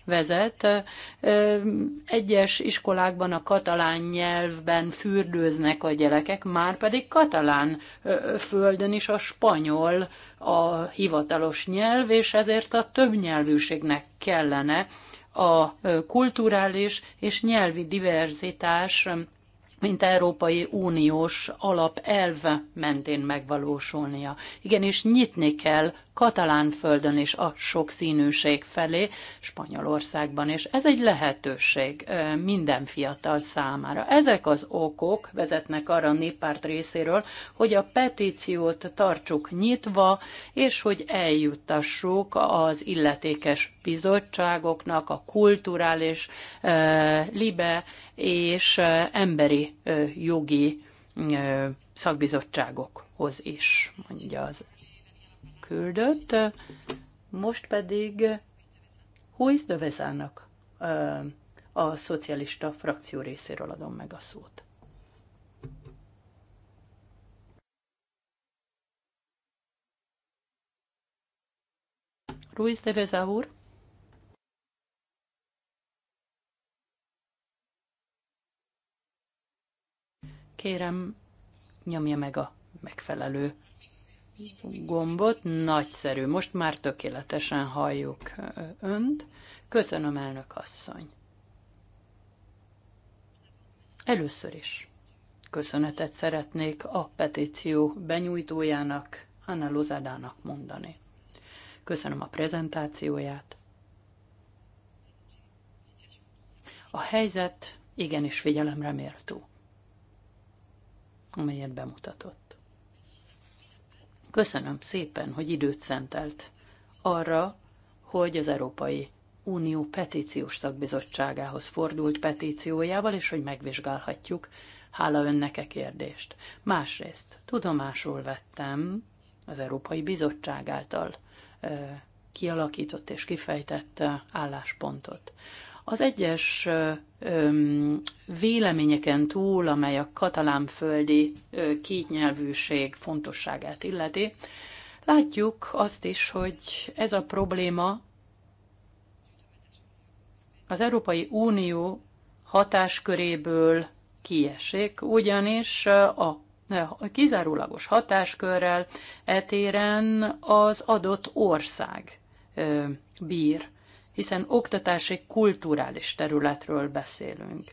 vezet. Egyes iskolákban a katalán nyelvben fürdőznek a gyerekek, már pedig katalán földön is a spanyol a hivatalos nyelv, és ezért a többnyelvűségnek kellene a kulturális és nyelvi diverzitás mint Európai Uniós alapelv mentén megvalósulnia. Igenis nyitni kell katalán földön is a sokszínűség felé, Spanyolországban is. Ez egy lehetőség minden fiatal számára. Ezek az okok vezetnek arra a néppárt részéről, hogy a petíciót tartsuk nyitva, és hogy eljuttassuk az illetékes bizottságoknak, a kulturális, libe és emberi jogi szakbizottságokhoz is, mondja az küldött, most pedig Huiz de Vezának a szocialista frakció részéről adom meg a szót. Ruiz de Veza úr. Kérem, nyomja meg a megfelelő gombot. Nagyszerű, most már tökéletesen halljuk önt. Köszönöm, elnök asszony. Először is köszönetet szeretnék a petíció benyújtójának, Anna Lozadának mondani. Köszönöm a prezentációját. A helyzet igenis figyelemre méltó, amelyet bemutatott. Köszönöm szépen, hogy időt szentelt arra, hogy az Európai Unió petíciós szakbizottságához fordult petíciójával, és hogy megvizsgálhatjuk, hála önnek e kérdést. Másrészt tudomásul vettem az Európai Bizottság által kialakított és kifejtett álláspontot. Az egyes véleményeken túl, amely a katalánföldi kétnyelvűség fontosságát illeti, látjuk azt is, hogy ez a probléma az Európai Unió hatásköréből kiesik, ugyanis a kizárólagos hatáskörrel etéren az adott ország bír hiszen oktatási, kulturális területről beszélünk.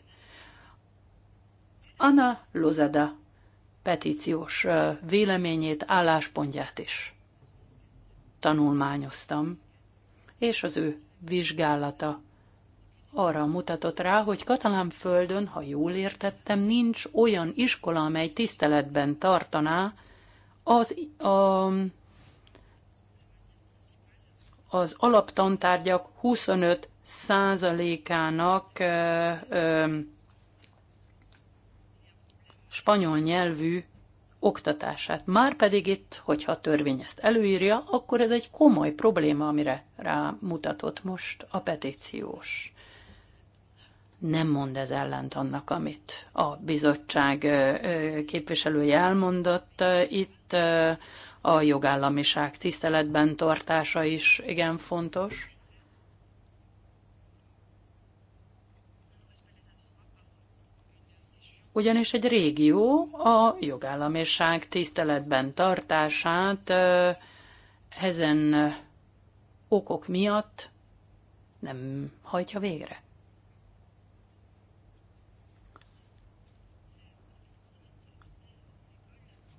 Anna Lozada petíciós véleményét, álláspontját is tanulmányoztam, és az ő vizsgálata arra mutatott rá, hogy Katalán földön, ha jól értettem, nincs olyan iskola, amely tiszteletben tartaná az a az alaptantárgyak 25 százalékának spanyol nyelvű oktatását. Márpedig itt, hogyha a törvény ezt előírja, akkor ez egy komoly probléma, amire rámutatott most a petíciós. Nem mond ez ellent annak, amit a bizottság képviselője elmondott. Itt a jogállamiság tiszteletben tartása is igen fontos. Ugyanis egy régió a jogállamiság tiszteletben tartását ezen okok miatt nem hajtja végre.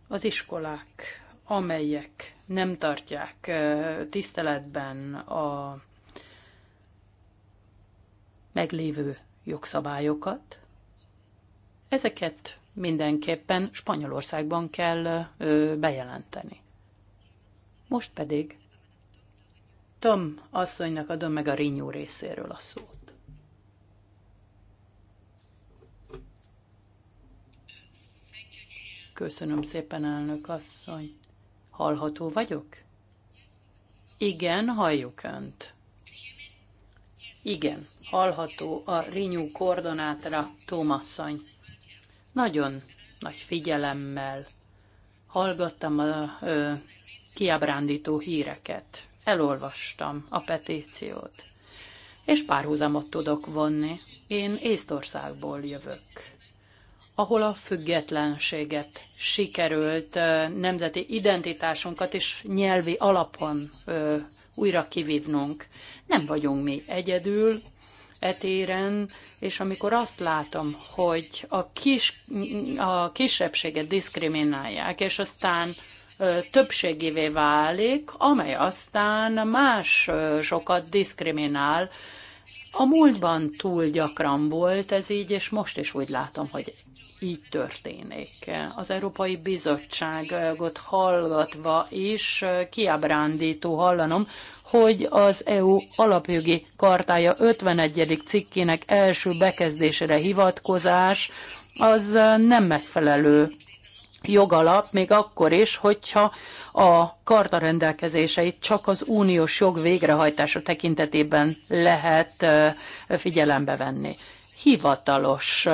Az iskolák amelyek nem tartják tiszteletben a meglévő jogszabályokat, ezeket mindenképpen Spanyolországban kell bejelenteni. Most pedig Tom asszonynak adom meg a rinyó részéről a szót. Köszönöm szépen, elnök asszony. Hallható vagyok? Igen, halljuk Önt. Igen, hallható a Rinyú kordonátra, Tómasszony. Nagyon nagy figyelemmel hallgattam a ö, kiábrándító híreket. Elolvastam a petíciót. És párhuzamot tudok vonni. Én Észtországból jövök ahol a függetlenséget sikerült nemzeti identitásunkat és nyelvi alapon újra kivívnunk. Nem vagyunk mi egyedül etéren, és amikor azt látom, hogy a, kis, a kisebbséget diszkriminálják, és aztán többségévé válik, amely aztán más sokat diszkriminál. A múltban túl gyakran volt ez így, és most is úgy látom, hogy így történik. Az Európai Bizottságot hallgatva is kiábrándító hallanom, hogy az EU alapjogi kartája 51. cikkének első bekezdésére hivatkozás az nem megfelelő jogalap, még akkor is, hogyha a karta rendelkezéseit csak az uniós jog végrehajtása tekintetében lehet figyelembe venni. Hivatalos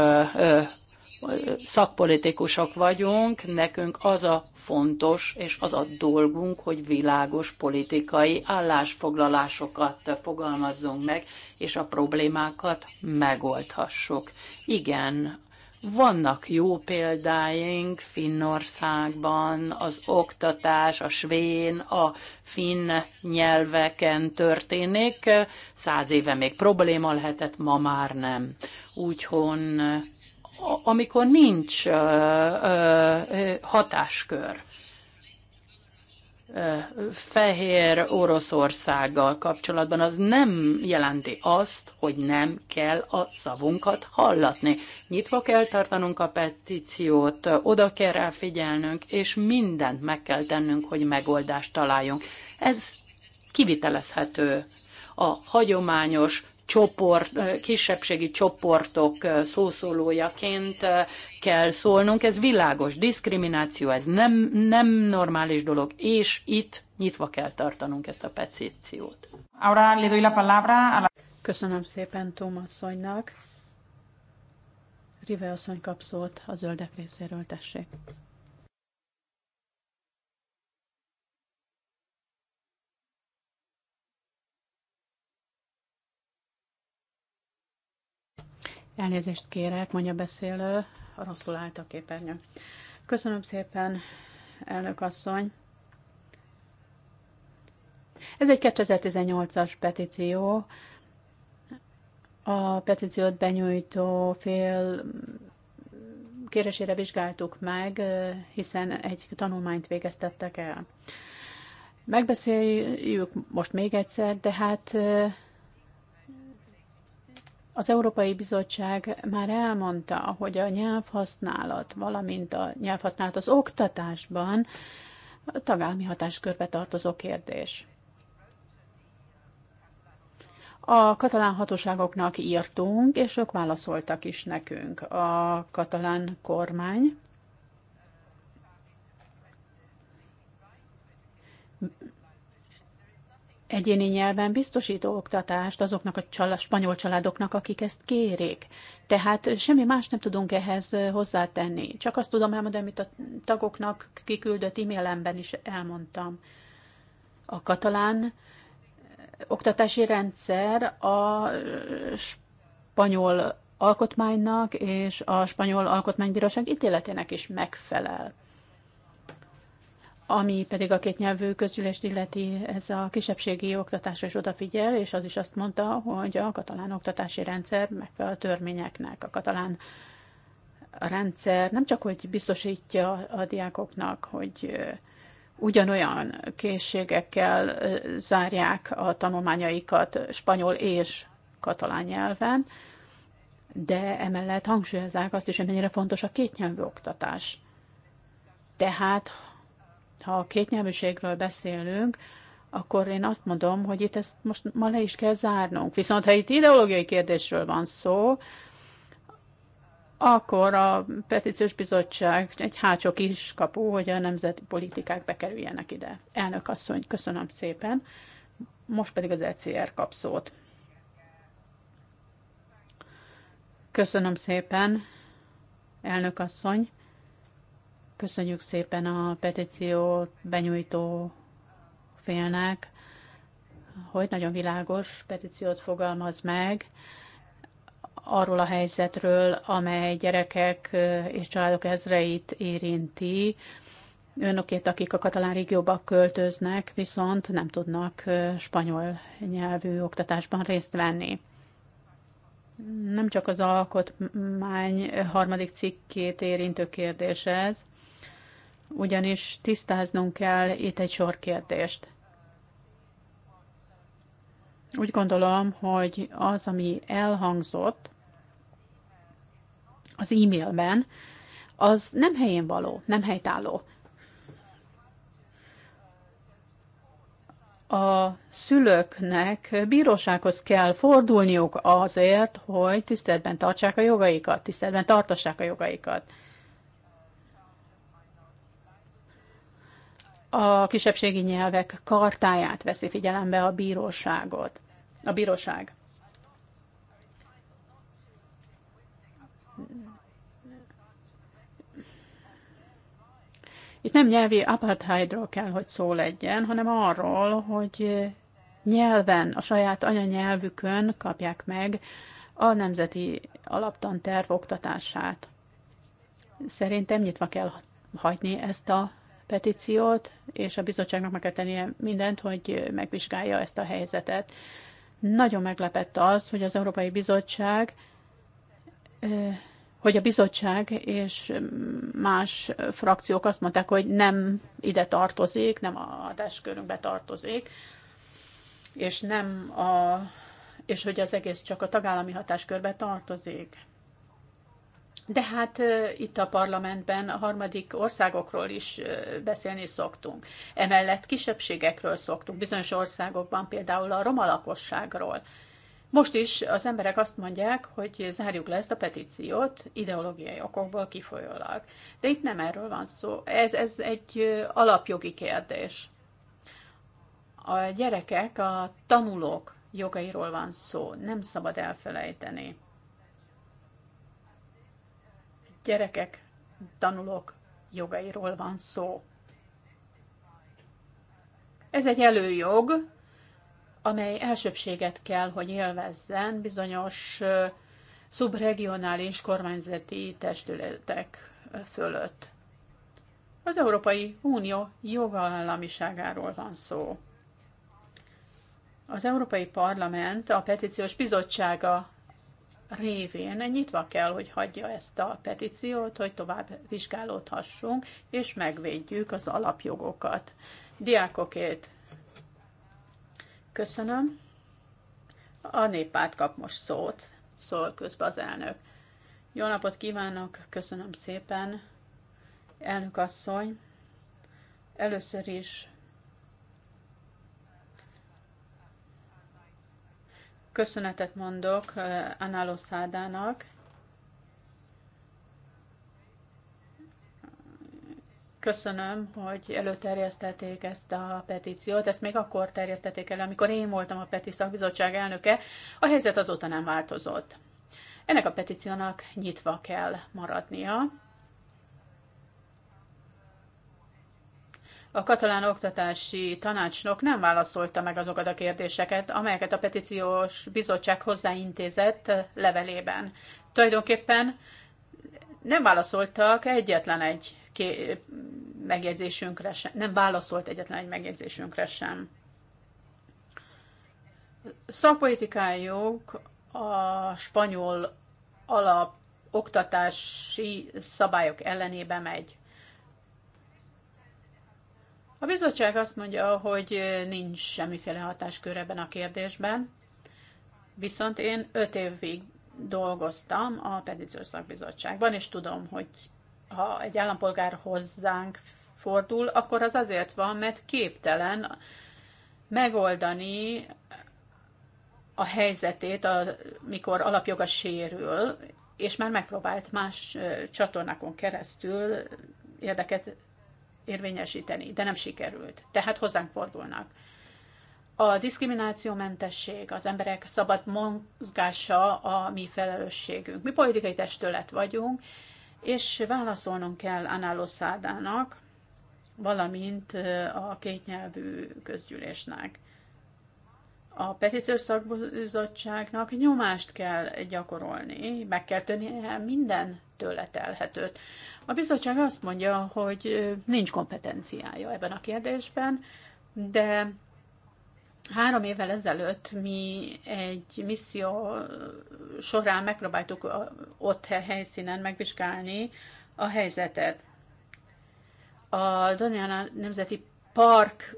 szakpolitikusok vagyunk, nekünk az a fontos és az a dolgunk, hogy világos politikai állásfoglalásokat fogalmazzunk meg, és a problémákat megoldhassuk. Igen, vannak jó példáink Finnországban, az oktatás, a svén, a finn nyelveken történik. Száz éve még probléma lehetett, ma már nem. Úgyhogy amikor nincs hatáskör fehér Oroszországgal kapcsolatban, az nem jelenti azt, hogy nem kell a szavunkat hallatni. Nyitva kell tartanunk a petíciót, oda kell rá figyelnünk, és mindent meg kell tennünk, hogy megoldást találjunk. Ez kivitelezhető a hagyományos csoport, kisebbségi csoportok szószólójaként kell szólnunk. Ez világos diszkrimináció, ez nem, nem normális dolog, és itt nyitva kell tartanunk ezt a petíciót. Ahora le doy la palabra a la... Köszönöm szépen Tómasszonynak. Rive asszony kap szót a zöldek részéről, tessék. Elnézést kérek, mondja beszélő, rosszul állt a képernyő. Köszönöm szépen, elnök asszony. Ez egy 2018-as petíció. A petíciót benyújtó fél kérésére vizsgáltuk meg, hiszen egy tanulmányt végeztettek el. Megbeszéljük most még egyszer, de hát az Európai Bizottság már elmondta, hogy a nyelvhasználat, valamint a nyelvhasználat az oktatásban a tagállami hatáskörbe tartozó kérdés. A katalán hatóságoknak írtunk, és ők válaszoltak is nekünk. A katalán kormány egyéni nyelven biztosító oktatást azoknak a csala, spanyol családoknak, akik ezt kérik. Tehát semmi más nem tudunk ehhez hozzátenni. Csak azt tudom elmondani, amit a tagoknak kiküldött e-mailemben is elmondtam. A katalán eh, oktatási rendszer a eh, spanyol alkotmánynak és a spanyol alkotmánybíróság ítéletének is megfelel. Ami pedig a két nyelvű közülést illeti, ez a kisebbségi oktatásra is odafigyel, és az is azt mondta, hogy a katalán oktatási rendszer megfelel a törvényeknek. A katalán rendszer nem csak, hogy biztosítja a diákoknak, hogy ugyanolyan készségekkel zárják a tanulmányaikat spanyol és katalán nyelven, de emellett hangsúlyozzák azt is, hogy mennyire fontos a kétnyelvű oktatás. Tehát ha a kétnyelvűségről beszélünk, akkor én azt mondom, hogy itt ezt most ma le is kell zárnunk. Viszont ha itt ideológiai kérdésről van szó, akkor a petíciós bizottság egy hátsó kiskapu, hogy a nemzeti politikák bekerüljenek ide. Elnök asszony, köszönöm szépen. Most pedig az ECR kap szót. Köszönöm szépen, elnök asszony. Köszönjük szépen a petíciót benyújtó félnek, hogy nagyon világos petíciót fogalmaz meg arról a helyzetről, amely gyerekek és családok ezreit érinti. Önökét, akik a katalán régióba költöznek, viszont nem tudnak spanyol nyelvű oktatásban részt venni nem csak az alkotmány harmadik cikkét érintő kérdés ez, ugyanis tisztáznunk kell itt egy sor kérdést. Úgy gondolom, hogy az, ami elhangzott az e-mailben, az nem helyén való, nem helytálló. A szülőknek bírósághoz kell fordulniuk azért, hogy tiszteletben tartsák a jogaikat, tiszteletben tartassák a jogaikat. a kisebbségi nyelvek kartáját veszi figyelembe a bíróságot. A bíróság. Itt nem nyelvi apartheidról kell, hogy szó legyen, hanem arról, hogy nyelven, a saját anyanyelvükön kapják meg a nemzeti alaptanterv oktatását. Szerintem nyitva kell hagyni ezt a petíciót, és a bizottságnak meg kell tennie mindent, hogy megvizsgálja ezt a helyzetet. Nagyon meglepett az, hogy az Európai Bizottság hogy a bizottság és más frakciók azt mondták, hogy nem ide tartozik, nem a hatáskörünkbe tartozik, és nem a, és hogy az egész csak a tagállami hatáskörbe tartozik. De hát itt a parlamentben a harmadik országokról is beszélni szoktunk. Emellett kisebbségekről szoktunk, bizonyos országokban például a roma lakosságról. Most is az emberek azt mondják, hogy zárjuk le ezt a petíciót ideológiai okokból kifolyólag. De itt nem erről van szó. Ez, ez egy alapjogi kérdés. A gyerekek, a tanulók jogairól van szó. Nem szabad elfelejteni gyerekek, tanulók jogairól van szó. Ez egy előjog, amely elsőbséget kell, hogy élvezzen bizonyos szubregionális kormányzati testületek fölött. Az Európai Unió jogállamiságáról van szó. Az Európai Parlament a petíciós bizottsága révén nyitva kell, hogy hagyja ezt a petíciót, hogy tovább vizsgálódhassunk, és megvédjük az alapjogokat. Diákokét köszönöm. A néppárt kap most szót, szól közbe az elnök. Jó napot kívánok, köszönöm szépen, elnök asszony. Először is Köszönetet mondok eh, Análó Szádának. Köszönöm, hogy előterjesztették ezt a petíciót. Ezt még akkor terjesztették elő, amikor én voltam a Peti Szakbizottság elnöke. A helyzet azóta nem változott. Ennek a petíciónak nyitva kell maradnia a katalán oktatási tanácsnok nem válaszolta meg azokat a kérdéseket, amelyeket a petíciós bizottság hozzáintézett levelében. Tulajdonképpen nem válaszoltak egyetlen egy megjegyzésünkre sem, nem válaszolt egyetlen egy megjegyzésünkre sem. Szakpolitikájuk a spanyol alap oktatási szabályok ellenébe megy. A bizottság azt mondja, hogy nincs semmiféle hatáskör ebben a kérdésben, viszont én öt évig dolgoztam a petíciós szakbizottságban, és tudom, hogy ha egy állampolgár hozzánk fordul, akkor az azért van, mert képtelen megoldani a helyzetét, amikor alapjoga sérül, és már megpróbált más csatornákon keresztül érdeket érvényesíteni, de nem sikerült. Tehát hozzánk fordulnak. A diszkriminációmentesség, az emberek szabad mozgása a mi felelősségünk. Mi politikai testület vagyunk, és válaszolnunk kell Análó Szádának, valamint a kétnyelvű közgyűlésnek. A petíciós szakbizottságnak nyomást kell gyakorolni, meg kell tönnie minden tőle telhetőt. A bizottság azt mondja, hogy nincs kompetenciája ebben a kérdésben, de Három évvel ezelőtt mi egy misszió során megpróbáltuk ott helyszínen megvizsgálni a helyzetet. A Doniana Nemzeti Park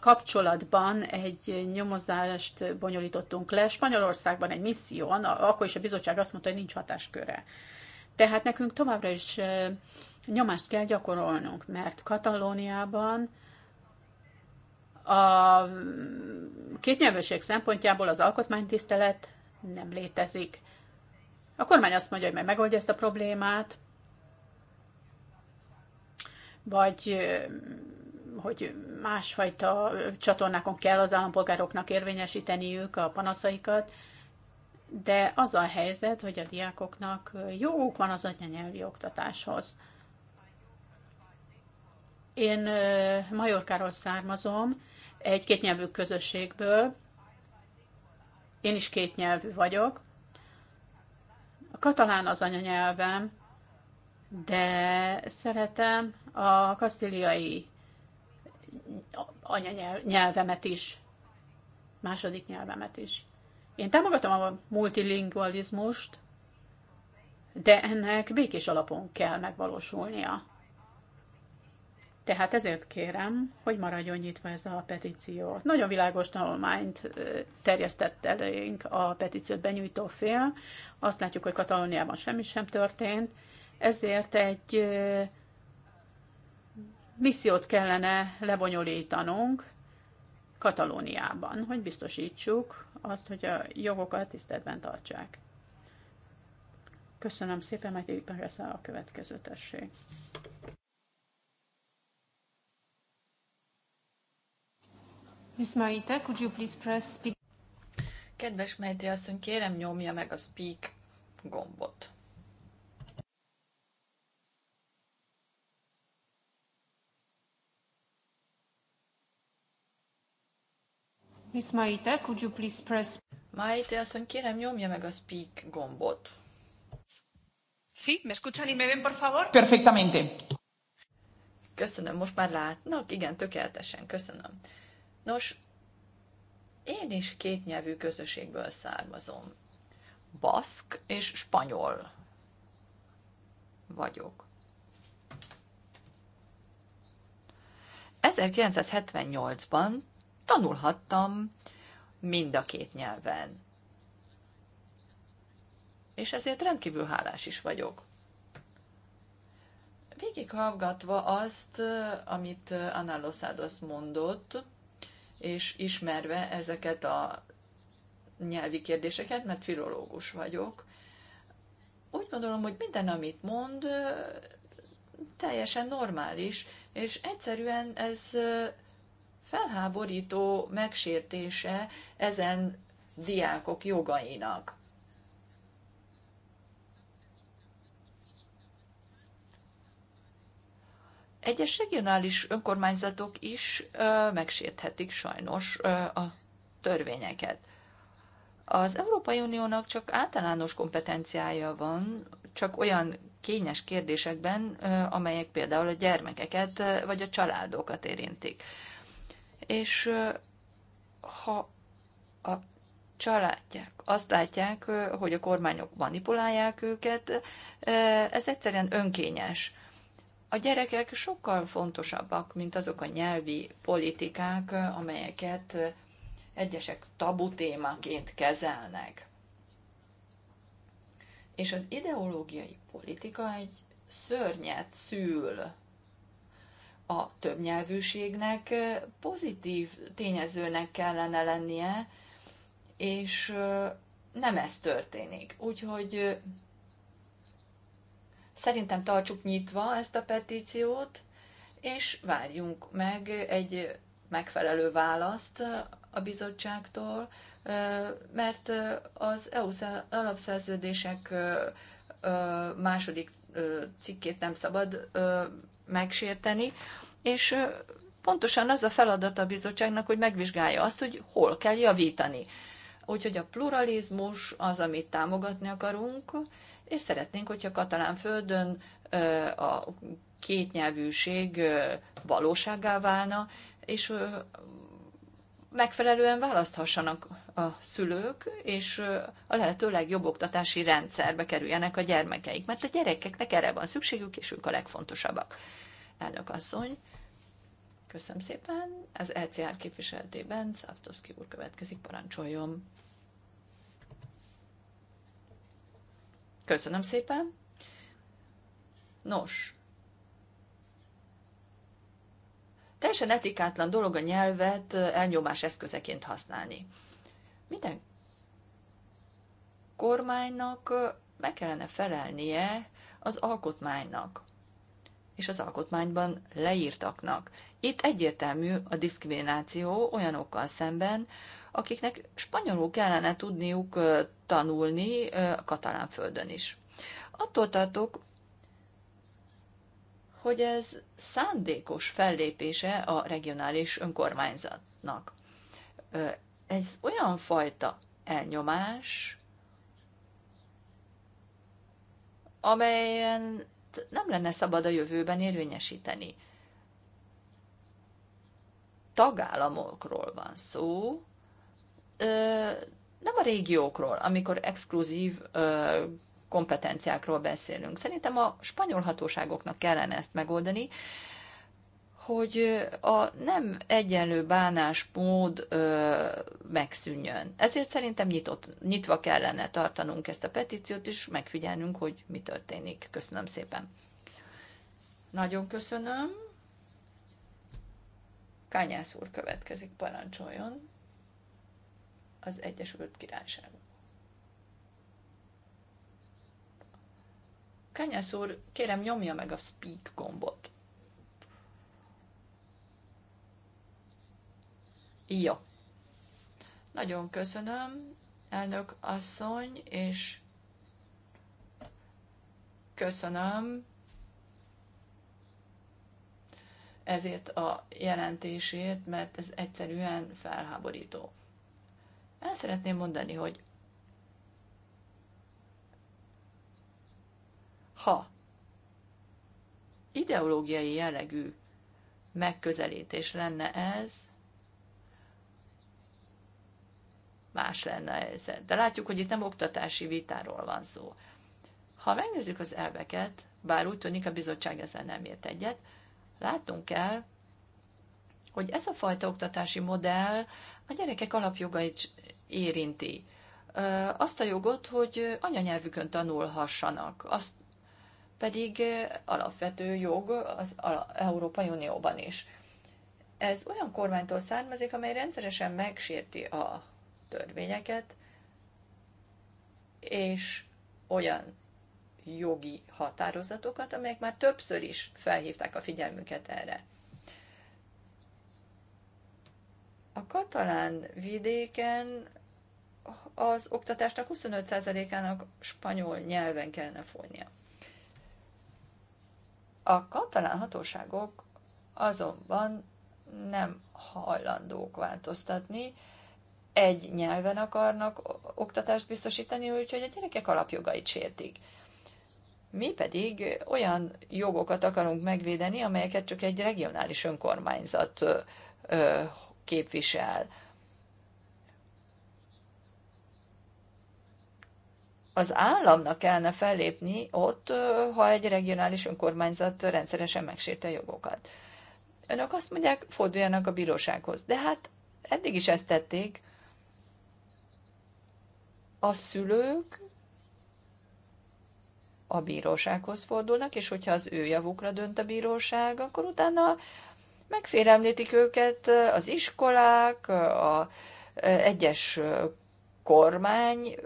kapcsolatban egy nyomozást bonyolítottunk le. Spanyolországban egy misszión, akkor is a bizottság azt mondta, hogy nincs hatásköre. Tehát nekünk továbbra is nyomást kell gyakorolnunk, mert Katalóniában a kétnyelvűség szempontjából az alkotmánytisztelet nem létezik. A kormány azt mondja, hogy meg megoldja ezt a problémát, vagy hogy másfajta csatornákon kell az állampolgároknak érvényesíteniük a panaszaikat, de az a helyzet, hogy a diákoknak joguk van az anyanyelvi oktatáshoz. Én Majorkáról származom, egy kétnyelvű közösségből. Én is kétnyelvű vagyok. A katalán az anyanyelvem, de szeretem a kasztiliai anyanyelvemet is, második nyelvemet is. Én támogatom a multilingualizmust, de ennek békés alapon kell megvalósulnia. Tehát ezért kérem, hogy maradjon nyitva ez a petíció. Nagyon világos tanulmányt terjesztett elénk a petíciót benyújtó fél. Azt látjuk, hogy Katalóniában semmi sem történt, ezért egy missziót kellene lebonyolítanunk, Katalóniában, hogy biztosítsuk azt, hogy a jogokat tiszteletben tartsák. Köszönöm szépen, mert itt a következő tessék. could you please press speak? Kedves Maite asszony, kérem nyomja meg a speak gombot. Miss Maite, could you please press... Maite asszony, kérem nyomja meg a speak gombot. Sí, me escuchan y me ven, por favor? Perfectamente. Köszönöm, most már látnak? Igen, tökéletesen, köszönöm. Nos, én is két nyelvű közösségből származom. Baszk és spanyol vagyok. 1978-ban tanulhattam mind a két nyelven. És ezért rendkívül hálás is vagyok. Végighallgatva azt, amit Anna Loszádosz mondott, és ismerve ezeket a nyelvi kérdéseket, mert filológus vagyok, úgy gondolom, hogy minden, amit mond, teljesen normális, és egyszerűen ez felháborító megsértése ezen diákok jogainak. Egyes regionális önkormányzatok is ö, megsérthetik sajnos ö, a törvényeket. Az Európai Uniónak csak általános kompetenciája van, csak olyan kényes kérdésekben, amelyek például a gyermekeket vagy a családokat érintik és ha a családják azt látják, hogy a kormányok manipulálják őket, ez egyszerűen önkényes. A gyerekek sokkal fontosabbak, mint azok a nyelvi politikák, amelyeket egyesek tabu témaként kezelnek. És az ideológiai politika egy szörnyet szül a többnyelvűségnek pozitív tényezőnek kellene lennie, és nem ez történik. Úgyhogy szerintem tartsuk nyitva ezt a petíciót, és várjunk meg egy megfelelő választ a bizottságtól, mert az EU alapszerződések második cikkét nem szabad megsérteni, és pontosan az a feladata a bizottságnak, hogy megvizsgálja azt, hogy hol kell javítani. Úgyhogy a pluralizmus az, amit támogatni akarunk, és szeretnénk, hogyha Katalán földön a kétnyelvűség valóságá válna, és megfelelően választhassanak a szülők, és a lehető legjobb oktatási rendszerbe kerüljenek a gyermekeik, mert a gyerekeknek erre van szükségük, és ők a legfontosabbak. Elnök asszony, köszönöm szépen. Az LCR e képviseletében Szavtovszki úr következik, parancsoljon. Köszönöm szépen. Nos, teljesen etikátlan dolog a nyelvet elnyomás eszközeként használni. Minden kormánynak meg kellene felelnie az alkotmánynak és az alkotmányban leírtaknak. Itt egyértelmű a diszkrimináció olyanokkal szemben, akiknek spanyolul kellene tudniuk tanulni a katalán földön is. Attól tartok, hogy ez szándékos fellépése a regionális önkormányzatnak. Ez olyan fajta elnyomás, amelyen nem lenne szabad a jövőben érvényesíteni. Tagállamokról van szó, nem a régiókról, amikor exkluzív kompetenciákról beszélünk. Szerintem a spanyol hatóságoknak kellene ezt megoldani, hogy a nem egyenlő bánásmód ö, megszűnjön. Ezért szerintem nyitott, nyitva kellene tartanunk ezt a petíciót, és megfigyelnünk, hogy mi történik. Köszönöm szépen. Nagyon köszönöm. Kányász úr következik, parancsoljon. Az Egyesült Királyságban. Kenyasz úr, kérem nyomja meg a speak gombot. Jó. Nagyon köszönöm, elnök asszony, és köszönöm ezért a jelentésért, mert ez egyszerűen felháborító. El szeretném mondani, hogy ha ideológiai jellegű megközelítés lenne ez, más lenne ez. De látjuk, hogy itt nem oktatási vitáról van szó. Ha megnézzük az elveket, bár úgy tűnik a bizottság ezzel nem ért egyet, látunk el, hogy ez a fajta oktatási modell a gyerekek alapjogait érinti. Azt a jogot, hogy anyanyelvükön tanulhassanak, azt pedig alapvető jog az Európai Unióban is. Ez olyan kormánytól származik, amely rendszeresen megsérti a törvényeket, és olyan jogi határozatokat, amelyek már többször is felhívták a figyelmüket erre. A katalán vidéken az oktatásnak 25%-ának spanyol nyelven kellene folynia. A katalán hatóságok azonban nem hajlandók változtatni, egy nyelven akarnak oktatást biztosítani, úgyhogy a gyerekek alapjogait sértik. Mi pedig olyan jogokat akarunk megvédeni, amelyeket csak egy regionális önkormányzat képvisel. az államnak kellene fellépni ott, ha egy regionális önkormányzat rendszeresen megsérte jogokat. Önök azt mondják, forduljanak a bírósághoz. De hát eddig is ezt tették. A szülők a bírósághoz fordulnak, és hogyha az ő javukra dönt a bíróság, akkor utána megfélemlítik őket az iskolák, a egyes kormány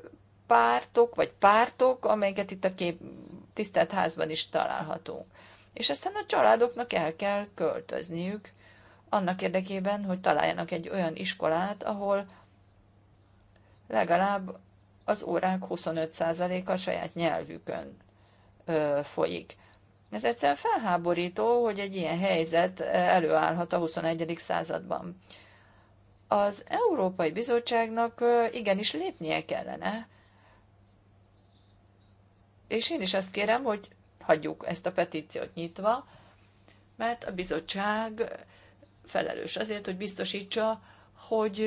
pártok, vagy pártok, amelyeket itt a kép tisztelt házban is találhatunk. És aztán a családoknak el kell költözniük, annak érdekében, hogy találjanak egy olyan iskolát, ahol legalább az órák 25%-a saját nyelvükön ö, folyik. Ez egyszerűen felháborító, hogy egy ilyen helyzet előállhat a 21. században. Az Európai Bizottságnak igenis lépnie kellene, és én is azt kérem, hogy hagyjuk ezt a petíciót nyitva, mert a bizottság felelős azért, hogy biztosítsa, hogy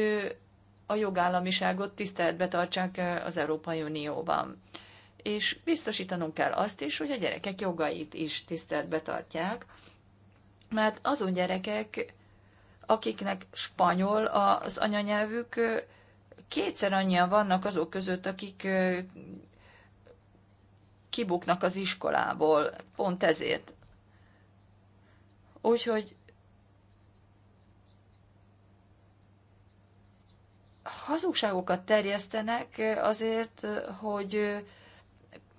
a jogállamiságot tiszteletbe tartsák az Európai Unióban. És biztosítanunk kell azt is, hogy a gyerekek jogait is tiszteletbe tartják, mert azon gyerekek, akiknek spanyol az anyanyelvük, kétszer annyian vannak azok között, akik kibuknak az iskolából, pont ezért. Úgyhogy hazugságokat terjesztenek azért, hogy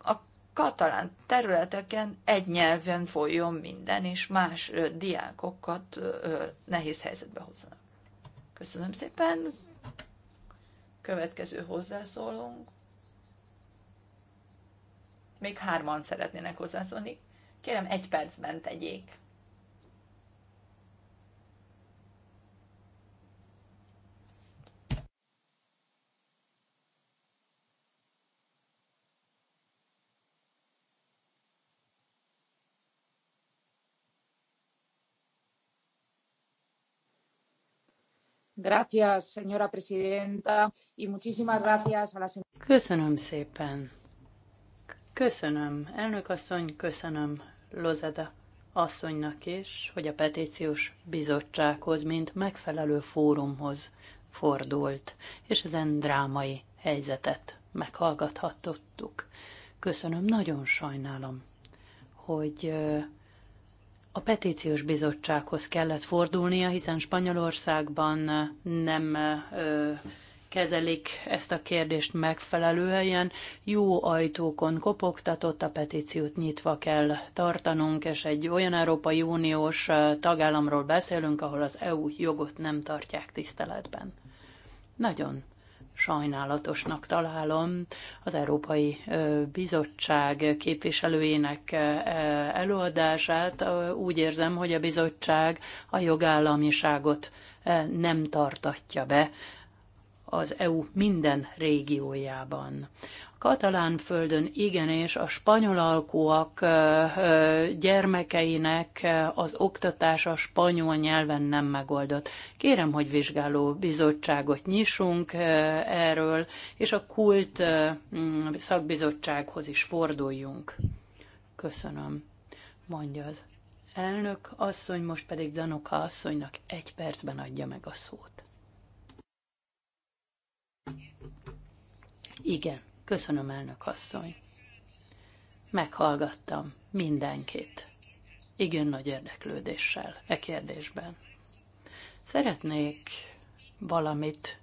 a katalán területeken egy nyelven folyjon minden, és más diákokat nehéz helyzetbe hozzanak. Köszönöm szépen. Következő hozzászólunk. Még hárman szeretnének hozzászólni. Kérem, egy percben tegyék. Gracias, señora presidenta, y muchísimas gracias a la Köszönöm szépen, Köszönöm, elnök asszony, köszönöm Lozada asszonynak is, hogy a petíciós bizottsághoz, mint megfelelő fórumhoz fordult, és ezen drámai helyzetet meghallgathattuk. Köszönöm, nagyon sajnálom, hogy a petíciós bizottsághoz kellett fordulnia, hiszen Spanyolországban nem kezelik ezt a kérdést megfelelő helyen. Jó ajtókon kopogtatott a petíciót nyitva kell tartanunk, és egy olyan Európai Uniós tagállamról beszélünk, ahol az EU jogot nem tartják tiszteletben. Nagyon sajnálatosnak találom az Európai Bizottság képviselőjének előadását. Úgy érzem, hogy a bizottság a jogállamiságot nem tartatja be az EU minden régiójában. A katalán földön igenis a spanyol alkúak gyermekeinek az oktatása spanyol nyelven nem megoldott. Kérem, hogy vizsgáló bizottságot nyissunk erről, és a kult szakbizottsághoz is forduljunk. Köszönöm, mondja az elnök asszony, most pedig Danoka asszonynak egy percben adja meg a szót. Igen, köszönöm, elnök asszony. Meghallgattam mindenkit. Igen nagy érdeklődéssel e kérdésben. Szeretnék valamit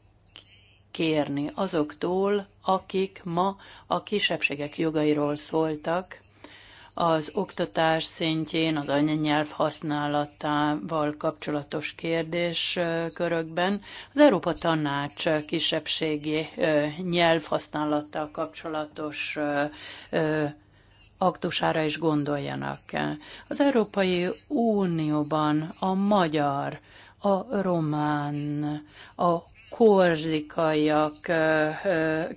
kérni azoktól, akik ma a kisebbségek jogairól szóltak, az oktatás szintjén, az anyanyelv használatával kapcsolatos kérdéskörökben, az Európa Tanács kisebbségi nyelvhasználattal kapcsolatos aktusára is gondoljanak. Az Európai Unióban a magyar, a román, a korzikaiak,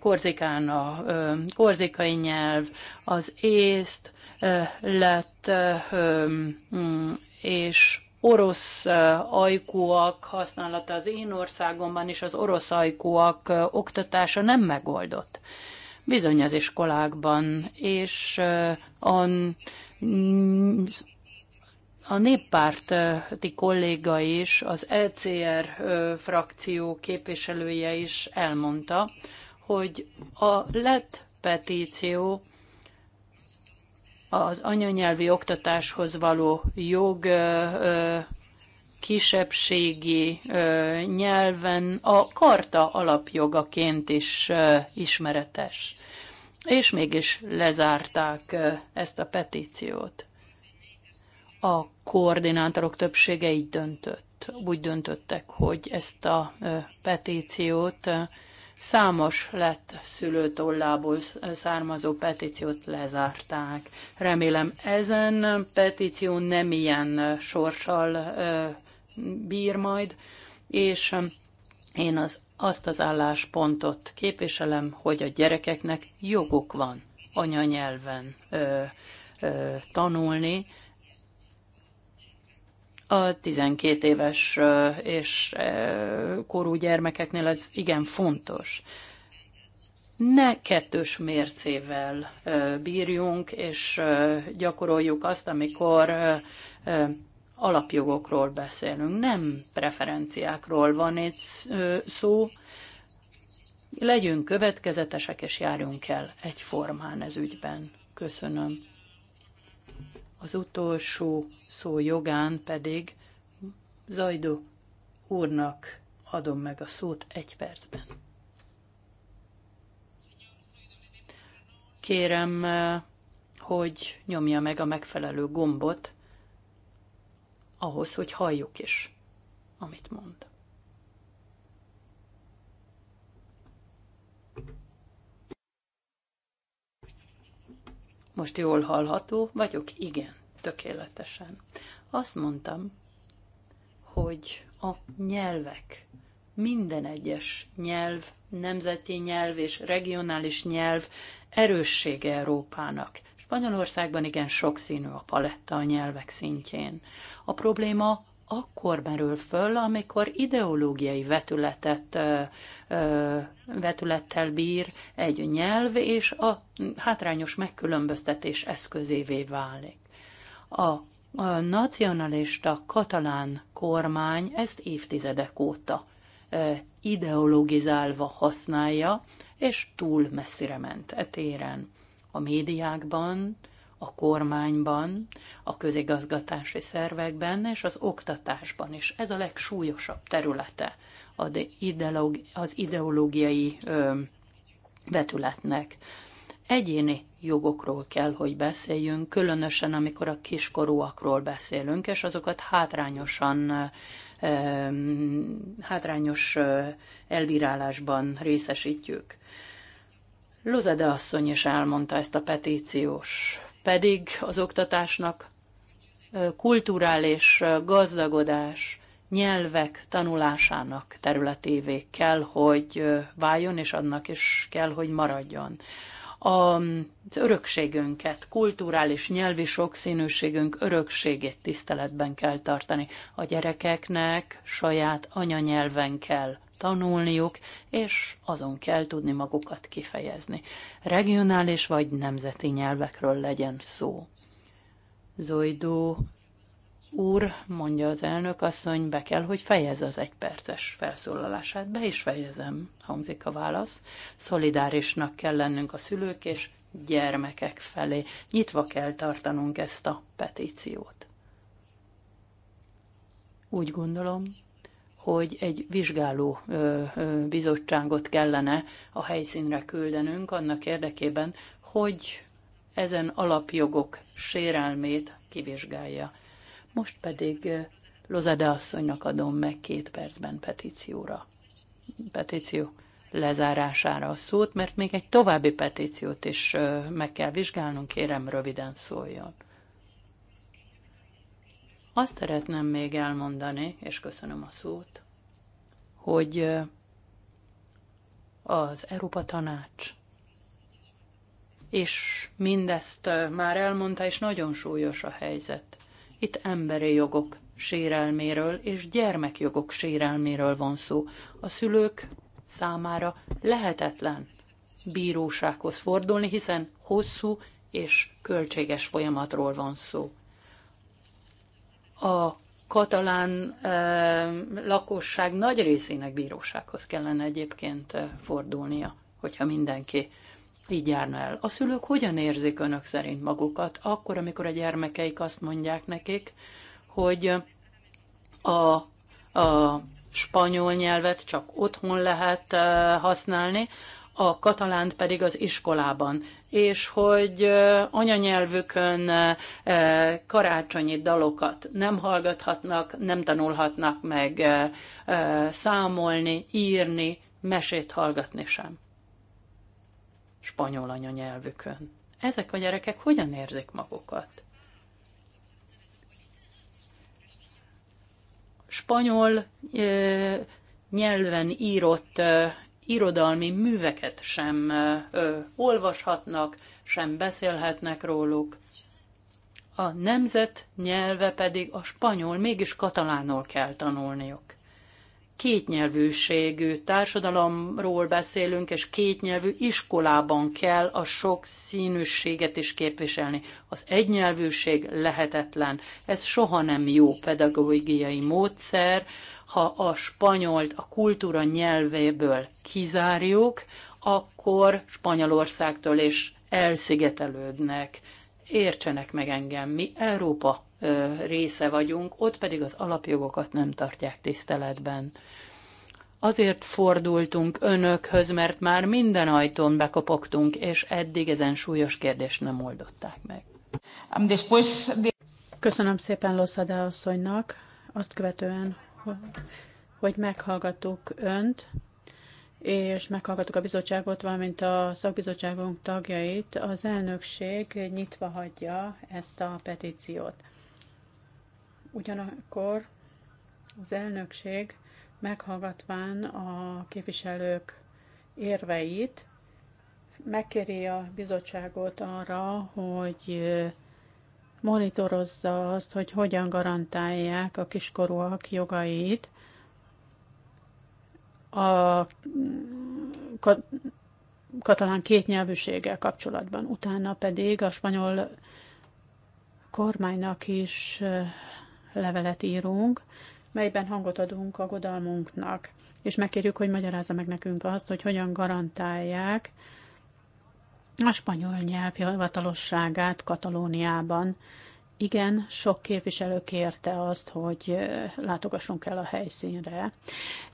korzikán a korzikai nyelv, az észt, lett, és orosz ajkúak használata az én országomban is az orosz ajkúak oktatása nem megoldott. Bizony az iskolákban, és a, a néppárti kolléga is, az ECR frakció képviselője is elmondta, hogy a lett petíció az anyanyelvi oktatáshoz való jog kisebbségi nyelven a karta alapjogaként is ismeretes. És mégis lezárták ezt a petíciót. A koordinátorok többsége így döntött. Úgy döntöttek, hogy ezt a petíciót Számos lett szülőtollából származó petíciót lezárták. Remélem ezen petíció nem ilyen sorssal bír majd, és én az, azt az álláspontot képviselem, hogy a gyerekeknek joguk van anyanyelven ö, ö, tanulni, a 12 éves és korú gyermekeknél ez igen fontos. Ne kettős mércével bírjunk, és gyakoroljuk azt, amikor alapjogokról beszélünk. Nem preferenciákról van itt szó. Legyünk következetesek, és járjunk el egyformán ez ügyben. Köszönöm az utolsó szó jogán pedig Zajdó úrnak adom meg a szót egy percben. Kérem, hogy nyomja meg a megfelelő gombot, ahhoz, hogy halljuk is, amit mond. Most jól hallható vagyok? Igen, tökéletesen. Azt mondtam, hogy a nyelvek, minden egyes nyelv, nemzeti nyelv és regionális nyelv erőssége Európának. Spanyolországban igen sokszínű a paletta a nyelvek szintjén. A probléma akkor merül föl, amikor ideológiai vetületet, vetülettel bír egy nyelv, és a hátrányos megkülönböztetés eszközévé válik. A, a nacionalista katalán kormány ezt évtizedek óta ideologizálva használja, és túl messzire ment e téren. A médiákban a kormányban, a közigazgatási szervekben és az oktatásban is. Ez a legsúlyosabb területe az ideológiai vetületnek. Egyéni jogokról kell, hogy beszéljünk, különösen amikor a kiskorúakról beszélünk, és azokat hátrányosan hátrányos elbírálásban részesítjük. Lozede asszony is elmondta ezt a petíciós pedig az oktatásnak kulturális gazdagodás, nyelvek tanulásának területévé kell, hogy váljon, és annak is kell, hogy maradjon. Az örökségünket, kulturális nyelvi sokszínűségünk örökségét tiszteletben kell tartani. A gyerekeknek saját anyanyelven kell tanulniuk, és azon kell tudni magukat kifejezni. Regionális vagy nemzeti nyelvekről legyen szó. Zoidó úr, mondja az elnök asszony, be kell, hogy fejez az egyperces felszólalását. Be is fejezem, hangzik a válasz. Szolidárisnak kell lennünk a szülők és gyermekek felé. Nyitva kell tartanunk ezt a petíciót. Úgy gondolom, hogy egy vizsgáló bizottságot kellene a helyszínre küldenünk annak érdekében, hogy ezen alapjogok sérelmét kivizsgálja. Most pedig Lozade asszonynak adom meg két percben petícióra. Petíció lezárására a szót, mert még egy további petíciót is meg kell vizsgálnunk, kérem röviden szóljon. Azt szeretném még elmondani, és köszönöm a szót, hogy az Európa Tanács és mindezt már elmondta, és nagyon súlyos a helyzet. Itt emberi jogok sérelméről és gyermekjogok sérelméről van szó. A szülők számára lehetetlen bírósághoz fordulni, hiszen hosszú és költséges folyamatról van szó a katalán lakosság nagy részének bírósághoz kellene egyébként fordulnia, hogyha mindenki így járna el. A szülők hogyan érzik önök szerint magukat, akkor, amikor a gyermekeik azt mondják nekik, hogy a, a spanyol nyelvet csak otthon lehet használni, a katalánt pedig az iskolában és hogy anyanyelvükön karácsonyi dalokat nem hallgathatnak, nem tanulhatnak meg számolni, írni, mesét hallgatni sem. Spanyol anyanyelvükön. Ezek a gyerekek hogyan érzik magukat? Spanyol nyelven írott irodalmi műveket sem ö, olvashatnak, sem beszélhetnek róluk. A nemzet nyelve pedig a spanyol, mégis katalánul kell tanulniuk. Kétnyelvűségű társadalomról beszélünk, és kétnyelvű iskolában kell a sok színűséget is képviselni. Az egynyelvűség lehetetlen. Ez soha nem jó pedagógiai módszer, ha a spanyolt a kultúra nyelvéből kizárjuk, akkor Spanyolországtól is elszigetelődnek. Értsenek meg engem, mi Európa része vagyunk, ott pedig az alapjogokat nem tartják tiszteletben. Azért fordultunk önökhöz, mert már minden ajtón bekopogtunk, és eddig ezen súlyos kérdést nem oldották meg. Köszönöm szépen Loszada asszonynak, azt követően hogy meghallgattuk önt, és meghallgattuk a bizottságot, valamint a szakbizottságunk tagjait. Az elnökség nyitva hagyja ezt a petíciót. Ugyanakkor az elnökség meghallgatván a képviselők érveit, megkéri a bizottságot arra, hogy monitorozza azt, hogy hogyan garantálják a kiskorúak jogait a katalán kétnyelvűséggel kapcsolatban. Utána pedig a spanyol kormánynak is levelet írunk, melyben hangot adunk a godalmunknak, és megkérjük, hogy magyarázza meg nekünk azt, hogy hogyan garantálják a spanyol nyelv hivatalosságát Katalóniában. Igen, sok képviselő kérte azt, hogy látogassunk el a helyszínre,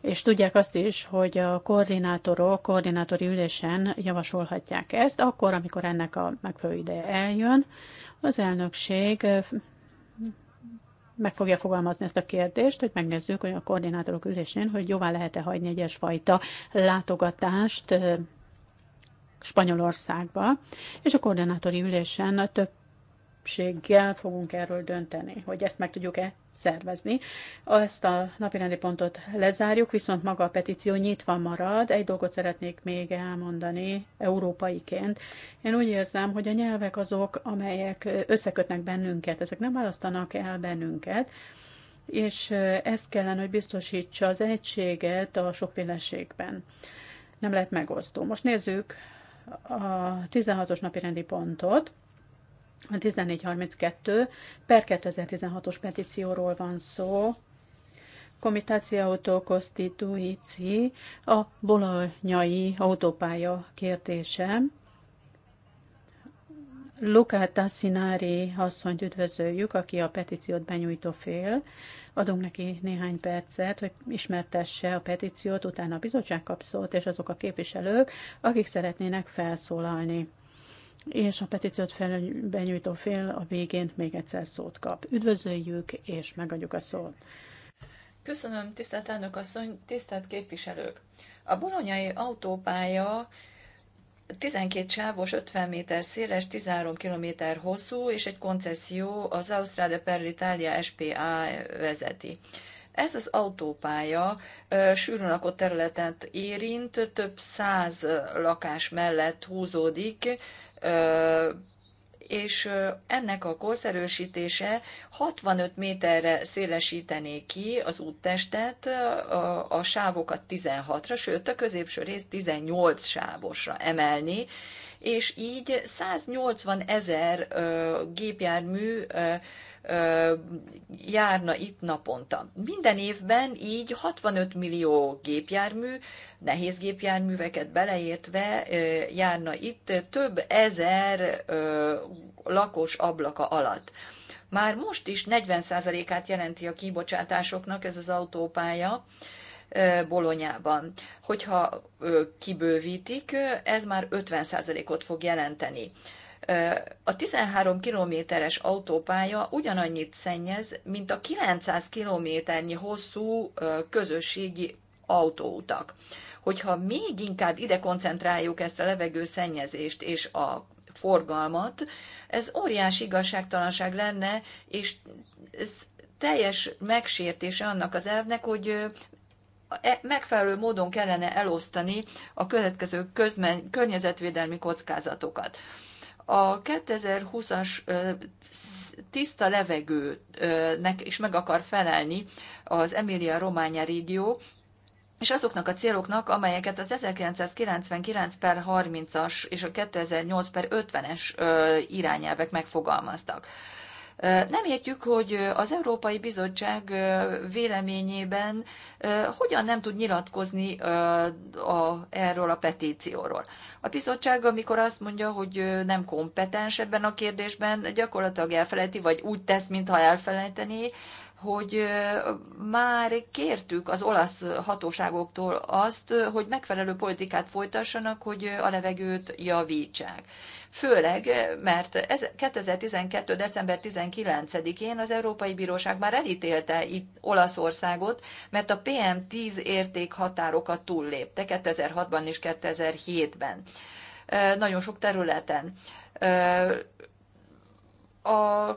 és tudják azt is, hogy a koordinátorok koordinátori ülésen javasolhatják ezt, akkor, amikor ennek a megfelelő ideje eljön, az elnökség meg fogja fogalmazni ezt a kérdést, hogy megnézzük hogy a koordinátorok ülésén, hogy jóvá lehet-e hagyni egyesfajta látogatást Spanyolországba, és a koordinátori ülésen a többséggel fogunk erről dönteni, hogy ezt meg tudjuk-e szervezni. Ezt a napirendi pontot lezárjuk, viszont maga a petíció nyitva marad. Egy dolgot szeretnék még elmondani európaiként. Én úgy érzem, hogy a nyelvek azok, amelyek összekötnek bennünket, ezek nem választanak el bennünket, és ezt kellene, hogy biztosítsa az egységet a sokféleségben. Nem lehet megosztó. Most nézzük a 16-os napi rendi pontot, a 1432 per 2016-os petícióról van szó, Komitácia Autokosztitúici, a bolonyai autópálya kérdése. Luca Tassinári asszonyt üdvözöljük, aki a petíciót benyújtó fél. Adunk neki néhány percet, hogy ismertesse a petíciót, utána a bizottság kap szót, és azok a képviselők, akik szeretnének felszólalni. És a petíciót fel, benyújtó fél a végén még egyszer szót kap. Üdvözöljük, és megadjuk a szót. Köszönöm, tisztelt elnök asszony, tisztelt képviselők! A bolonyai autópálya 12 sávos, 50 méter széles, 13 km hosszú, és egy koncesszió az Austrade per l'Italia SPA vezeti. Ez az autópálya sűrűn lakott területet érint, több száz lakás mellett húzódik, és ennek a korszerősítése 65 méterre szélesítené ki az úttestet, a, a sávokat 16-ra, sőt a középső rész 18 sávosra emelni, és így 180 ezer gépjármű járna itt naponta. Minden évben így 65 millió gépjármű, nehéz gépjárműveket beleértve járna itt több ezer lakos ablaka alatt. Már most is 40%-át jelenti a kibocsátásoknak ez az autópálya, Bolonyában. Hogyha kibővítik, ez már 50%-ot fog jelenteni a 13 kilométeres autópálya ugyanannyit szennyez, mint a 900 kilométernyi hosszú közösségi autóutak. Hogyha még inkább ide koncentráljuk ezt a levegőszennyezést és a forgalmat, ez óriási igazságtalanság lenne, és ez teljes megsértése annak az elvnek, hogy e, megfelelő módon kellene elosztani a következő közmen, környezetvédelmi kockázatokat a 2020-as tiszta levegőnek is meg akar felelni az Emilia-Románia régió, és azoknak a céloknak, amelyeket az 1999 per 30-as és a 2008 per 50-es irányelvek megfogalmaztak. Nem értjük, hogy az Európai Bizottság véleményében hogyan nem tud nyilatkozni a, erről a petícióról. A bizottság, amikor azt mondja, hogy nem kompetens ebben a kérdésben, gyakorlatilag elfelejti, vagy úgy tesz, mintha elfelejteni, hogy már kértük az olasz hatóságoktól azt, hogy megfelelő politikát folytassanak, hogy a levegőt javítsák főleg, eh, mert 2012. december 19-én az Európai Bíróság már elítélte itt Olaszországot, mert a PM10 érték határokat túllépte 2006-ban és 2007-ben. Eh, nagyon sok területen. Eh, a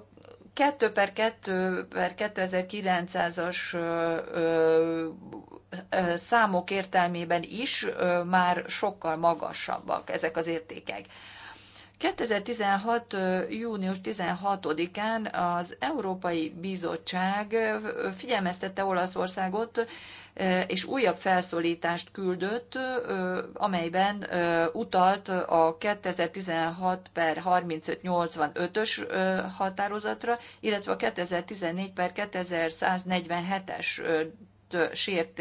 2 per 2 per 2900-as számok értelmében is már sokkal magasabbak ezek az értékek. 2016. június 16-án az Európai Bizottság figyelmeztette Olaszországot, és újabb felszólítást küldött, amelyben utalt a 2016 per 3585-ös határozatra, illetve a 2014 per 2147-es sért,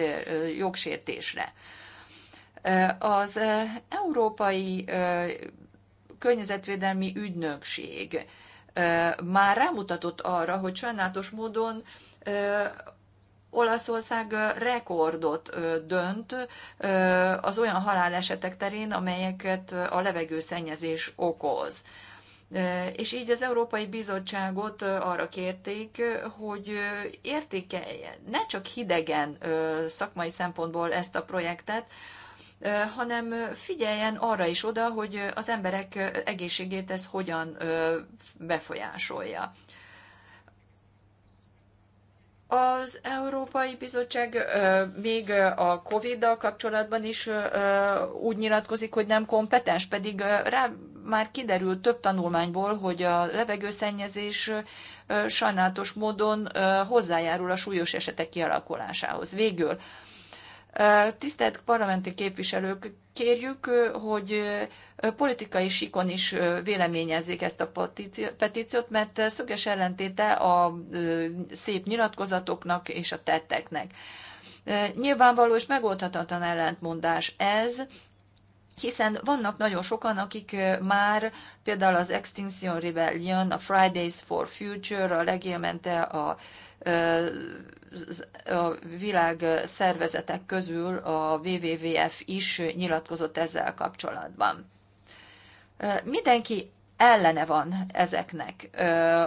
jogsértésre. Az Európai környezetvédelmi ügynökség már rámutatott arra, hogy sajnálatos módon Olaszország rekordot dönt az olyan halálesetek terén, amelyeket a levegőszennyezés okoz. És így az Európai Bizottságot arra kérték, hogy értékelje ne csak hidegen szakmai szempontból ezt a projektet, hanem figyeljen arra is oda, hogy az emberek egészségét ez hogyan befolyásolja. Az Európai Bizottság még a COVID-dal kapcsolatban is úgy nyilatkozik, hogy nem kompetens, pedig rá már kiderült több tanulmányból, hogy a levegőszennyezés sajnálatos módon hozzájárul a súlyos esetek kialakulásához. Végül Tisztelt parlamenti képviselők, kérjük, hogy politikai sikon is véleményezzék ezt a petíciót, mert szöges ellentéte a szép nyilatkozatoknak és a tetteknek. Nyilvánvaló és megoldhatatlan ellentmondás ez, hiszen vannak nagyon sokan, akik már például az Extinction Rebellion, a Fridays for Future, a legélmente a a világ szervezetek közül a WWF is nyilatkozott ezzel kapcsolatban. Mindenki ellene van ezeknek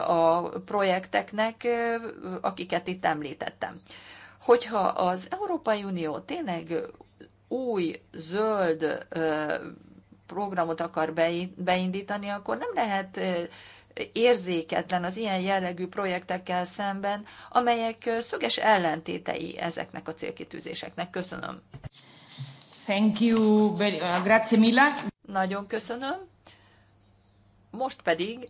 a projekteknek, akiket itt említettem. Hogyha az Európai Unió tényleg új zöld programot akar beindítani, akkor nem lehet érzéketlen az ilyen jellegű projektekkel szemben, amelyek szöges ellentétei ezeknek a célkitűzéseknek. Köszönöm. Thank you, uh, grazie Mila. Nagyon köszönöm. Most pedig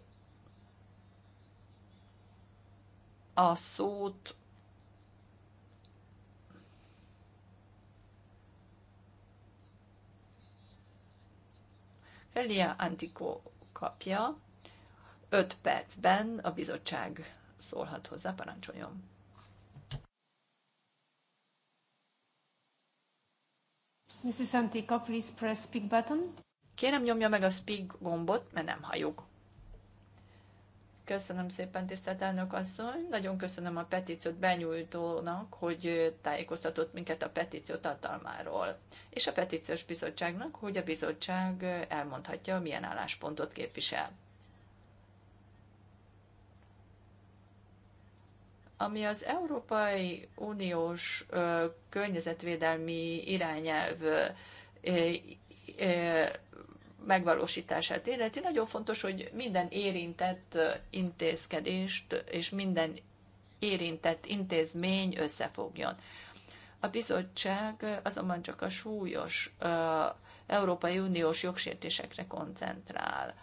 a szót Elia Antico kapja. 5 percben a bizottság szólhat hozzá, parancsoljon. Mrs. Antica, please press speak button. Kérem nyomja meg a speak gombot, mert nem halljuk. Köszönöm szépen, tisztelt elnök asszony. Nagyon köszönöm a petíciót benyújtónak, hogy tájékoztatott minket a petíció tartalmáról, és a petíciós bizottságnak, hogy a bizottság elmondhatja, milyen álláspontot képvisel. Ami az Európai Uniós környezetvédelmi irányelv megvalósítását illeti, nagyon fontos, hogy minden érintett intézkedést és minden érintett intézmény összefogjon. A bizottság azonban csak a súlyos Európai Uniós jogsértésekre koncentrál.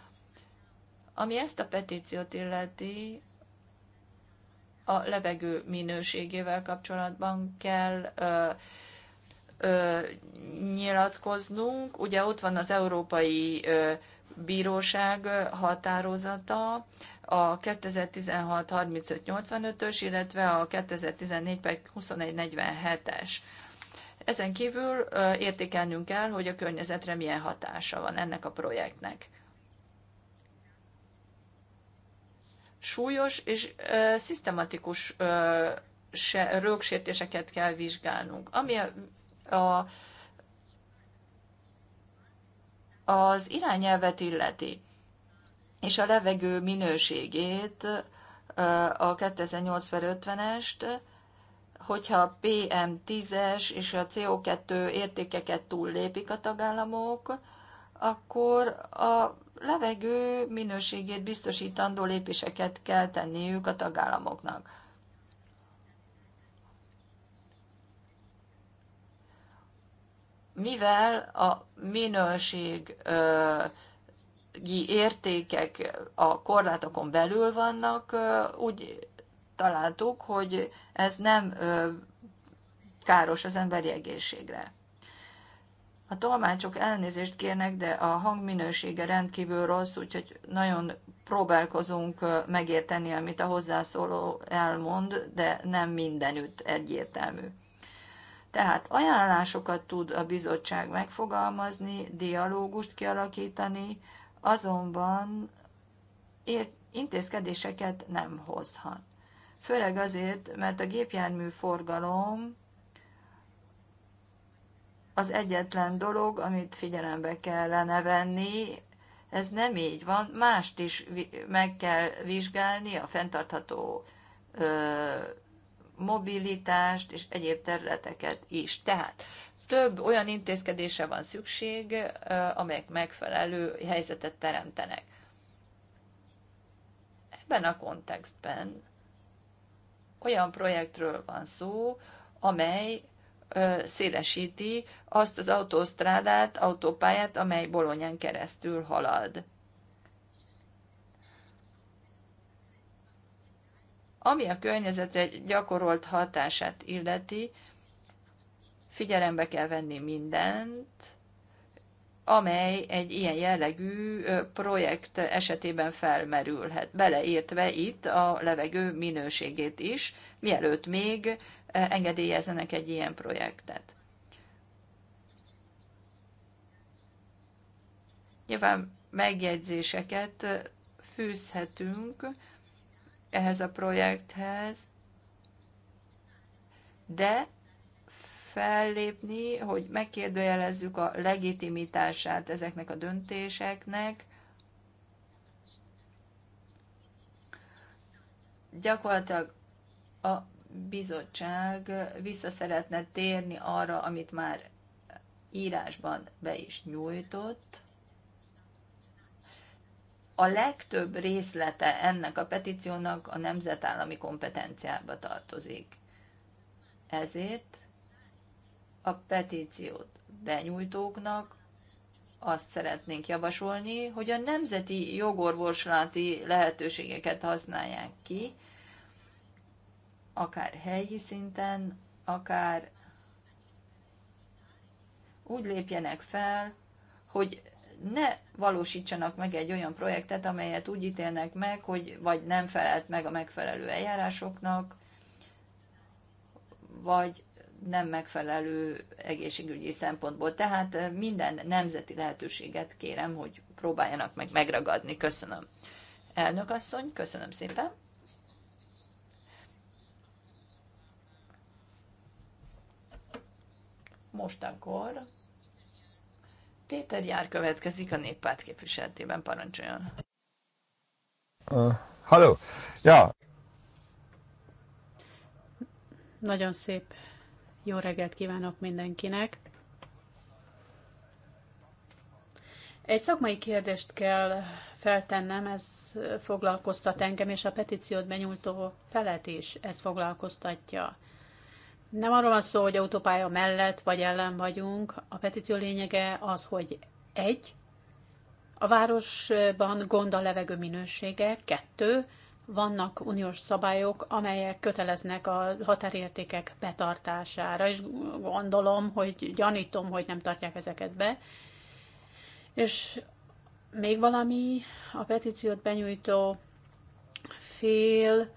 Ami ezt a petíciót illeti, a levegő minőségével kapcsolatban kell ö, ö, nyilatkoznunk. Ugye ott van az Európai ö, Bíróság határozata, a 2016 85 ös illetve a 2014 47 es Ezen kívül értékelnünk kell, hogy a környezetre milyen hatása van ennek a projektnek. súlyos és ö, szisztematikus ö, se, rögsértéseket kell vizsgálnunk. Ami a, a, az irányelvet illeti, és a levegő minőségét, a 2080 50-est, hogyha a PM10-es és a CO2 értékeket túllépik a tagállamok, akkor a levegő minőségét biztosítandó lépéseket kell tenniük a tagállamoknak. Mivel a minőségi értékek a korlátokon belül vannak, úgy találtuk, hogy ez nem káros az emberi egészségre. A tolmácsok elnézést kérnek, de a hangminősége rendkívül rossz, úgyhogy nagyon próbálkozunk megérteni, amit a hozzászóló elmond, de nem mindenütt egyértelmű. Tehát ajánlásokat tud a bizottság megfogalmazni, dialógust kialakítani, azonban intézkedéseket nem hozhat. Főleg azért, mert a gépjármű forgalom az egyetlen dolog, amit figyelembe kellene venni, ez nem így van, mást is meg kell vizsgálni, a fenntartható ö, mobilitást és egyéb területeket is. Tehát több olyan intézkedése van szükség, ö, amelyek megfelelő helyzetet teremtenek. Ebben a kontextben olyan projektről van szó, amely szélesíti azt az autósztrádát, autópályát, amely Bolonyán keresztül halad. Ami a környezetre gyakorolt hatását illeti, figyelembe kell venni mindent, amely egy ilyen jellegű projekt esetében felmerülhet, beleértve itt a levegő minőségét is, mielőtt még engedélyezzenek egy ilyen projektet. Nyilván megjegyzéseket fűzhetünk ehhez a projekthez, de fellépni, hogy megkérdőjelezzük a legitimitását ezeknek a döntéseknek, gyakorlatilag a bizottság vissza szeretne térni arra, amit már írásban be is nyújtott. A legtöbb részlete ennek a petíciónak a nemzetállami kompetenciába tartozik. Ezért a petíciót benyújtóknak azt szeretnénk javasolni, hogy a nemzeti jogorvoslati lehetőségeket használják ki, akár helyi szinten, akár úgy lépjenek fel, hogy ne valósítsanak meg egy olyan projektet, amelyet úgy ítélnek meg, hogy vagy nem felelt meg a megfelelő eljárásoknak, vagy nem megfelelő egészségügyi szempontból. Tehát eh, minden nemzeti lehetőséget kérem, hogy próbáljanak meg megragadni. Köszönöm. Elnök asszony, köszönöm szépen. Most akkor Péter Jár következik a néppárt képviseletében, parancsoljon. Uh, halló! Ja! Nagyon szép jó reggelt kívánok mindenkinek! Egy szakmai kérdést kell feltennem, ez foglalkoztat engem, és a petíciót benyújtó felet is ez foglalkoztatja. Nem arról van szó, hogy autópálya mellett vagy ellen vagyunk. A petíció lényege az, hogy egy, a városban gond a levegő minősége, kettő, vannak uniós szabályok, amelyek köteleznek a határértékek betartására, és gondolom, hogy gyanítom, hogy nem tartják ezeket be. És még valami, a petíciót benyújtó fél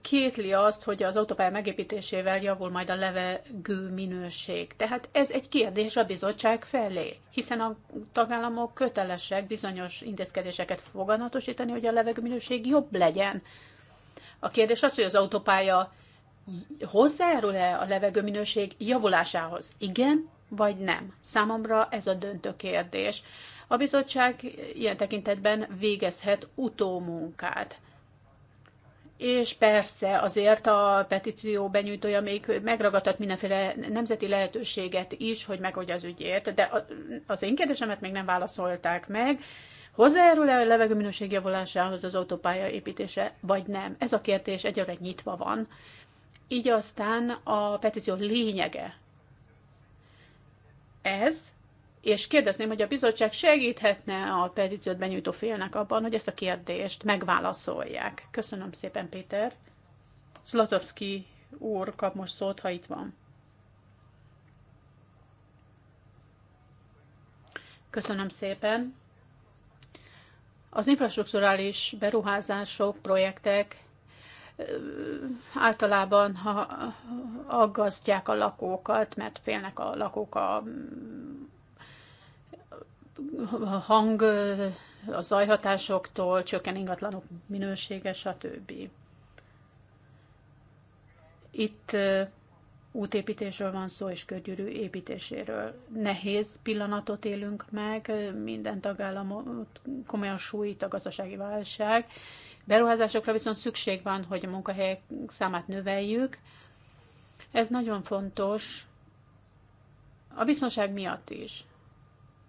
kétli azt, hogy az autópálya megépítésével javul majd a levegő minőség. Tehát ez egy kérdés a bizottság felé, hiszen a tagállamok kötelesek bizonyos intézkedéseket foganatosítani, hogy a levegő minőség jobb legyen. A kérdés az, hogy az autópálya hozzájárul-e a levegő minőség javulásához? Igen vagy nem? Számomra ez a döntő kérdés. A bizottság ilyen tekintetben végezhet utómunkát és persze azért a petíció benyújtója még megragadhat mindenféle nemzeti lehetőséget is, hogy megoldja az ügyét, de az én kérdésemet még nem válaszolták meg. Hozzájárul-e a levegőminőség javulásához az autópálya építése, vagy nem? Ez a kérdés egyre nyitva van. Így aztán a petíció lényege ez, és kérdezném, hogy a bizottság segíthetne a petíciót benyújtó félnek abban, hogy ezt a kérdést megválaszolják. Köszönöm szépen, Péter. Zlatowski úr kap most szót, ha itt van. Köszönöm szépen. Az infrastruktúrális beruházások, projektek általában ha aggasztják a lakókat, mert félnek a lakók a hang a zajhatásoktól, csökken ingatlanok minősége, stb. Itt útépítésről van szó, és körgyűrű építéséről. Nehéz pillanatot élünk meg, minden tagállamot komolyan sújt a gazdasági válság. Beruházásokra viszont szükség van, hogy a munkahelyek számát növeljük. Ez nagyon fontos a biztonság miatt is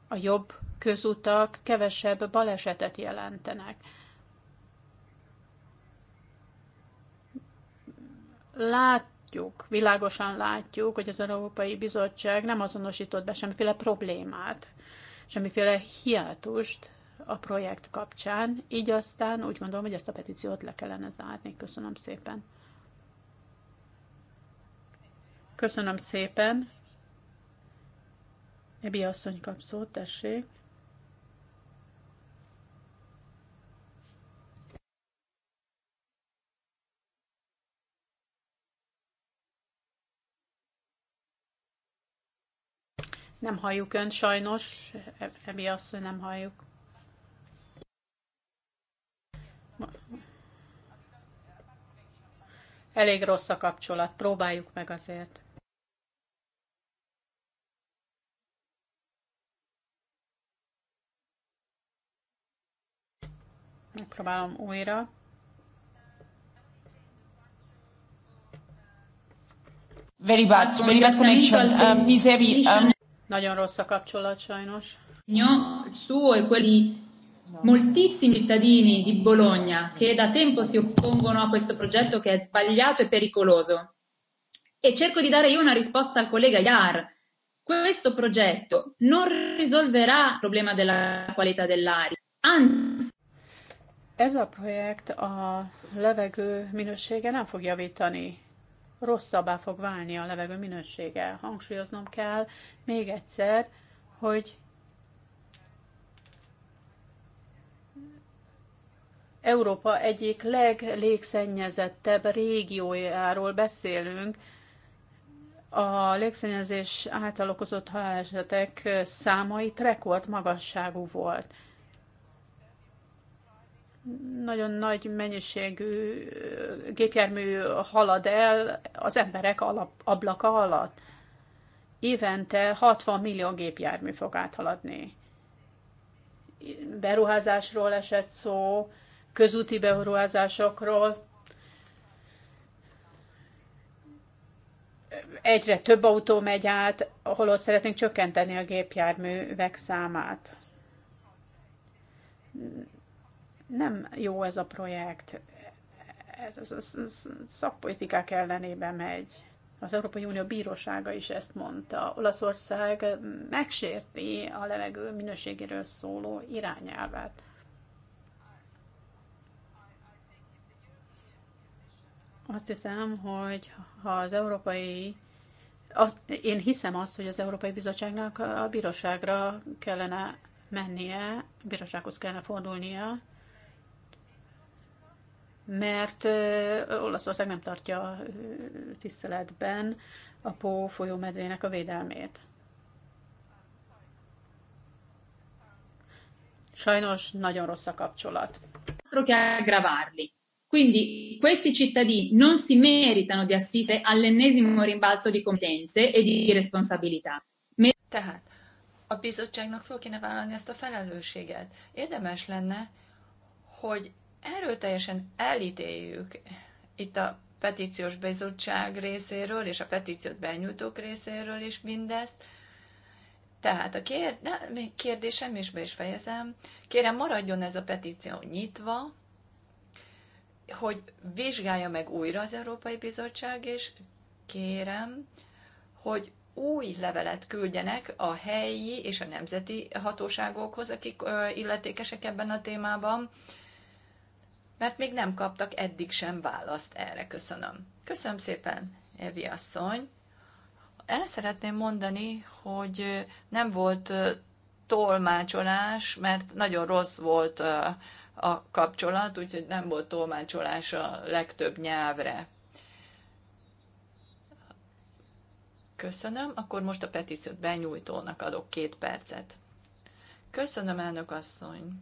a jobb közutak kevesebb balesetet jelentenek. Látjuk, világosan látjuk, hogy az Európai Bizottság nem azonosított be semmiféle problémát, semmiféle hiátust a projekt kapcsán, így aztán úgy gondolom, hogy ezt a petíciót le kellene zárni. Köszönöm szépen. Köszönöm szépen. Ebi asszony kap szót, tessék. Nem halljuk önt sajnos, Ebi asszony nem halljuk. Elég rossz a kapcsolat, próbáljuk meg azért. Megpróbálom újra. Very bad, very bad connection. Um, misery, um... Nagyon rossz a kapcsolat sajnos. Suo e quelli moltissimi cittadini di Bologna che da tempo si oppongono a questo progetto che è sbagliato e pericoloso. E cerco di dare io una risposta al collega Iar. Questo progetto non risolverà il problema della qualità dell'aria, anzi ez a projekt a levegő minősége nem fog javítani, rosszabbá fog válni a levegő minősége. Hangsúlyoznom kell még egyszer, hogy Európa egyik leglégszennyezettebb régiójáról beszélünk. A légszennyezés által okozott halálesetek száma itt rekord magasságú volt nagyon nagy mennyiségű gépjármű halad el az emberek alap, ablaka alatt. Évente 60 millió gépjármű fog áthaladni. Beruházásról esett szó, közúti beruházásokról. Egyre több autó megy át, holott szeretnénk csökkenteni a gépjárművek számát nem jó ez a projekt, ez, ez, ez, ez szakpolitikák ellenében megy. Az Európai Unió bírósága is ezt mondta. Olaszország megsérti a levegő minőségéről szóló irányelvet. Azt hiszem, hogy ha az Európai Az, én hiszem azt, hogy az Európai Bizottságnak a bíróságra kellene mennie, bírósághoz kellene fordulnia, mert Olaszország nem tartja tiszteletben a Pó folyómedrének a védelmét. Sajnos nagyon rossz a kapcsolat. aggravarli. Quindi questi cittadini non si meritano di assistere all'ennesimo rimbalzo di competenze e di responsabilità. Tehát a bizottságnak föl kéne vállalni ezt a felelősséget. Érdemes lenne, hogy erőteljesen elítéljük itt a petíciós bizottság részéről és a petíciót benyújtók részéről is mindezt. Tehát a kér... De, kérdésem, is be is fejezem, kérem maradjon ez a petíció nyitva, hogy vizsgálja meg újra az Európai Bizottság, és kérem, hogy új levelet küldjenek a helyi és a nemzeti hatóságokhoz, akik illetékesek ebben a témában, mert még nem kaptak eddig sem választ erre. Köszönöm. Köszönöm szépen, Evi asszony. El szeretném mondani, hogy nem volt tolmácsolás, mert nagyon rossz volt a kapcsolat, úgyhogy nem volt tolmácsolás a legtöbb nyelvre. Köszönöm, akkor most a petíciót benyújtónak adok két percet. Köszönöm, elnök asszony.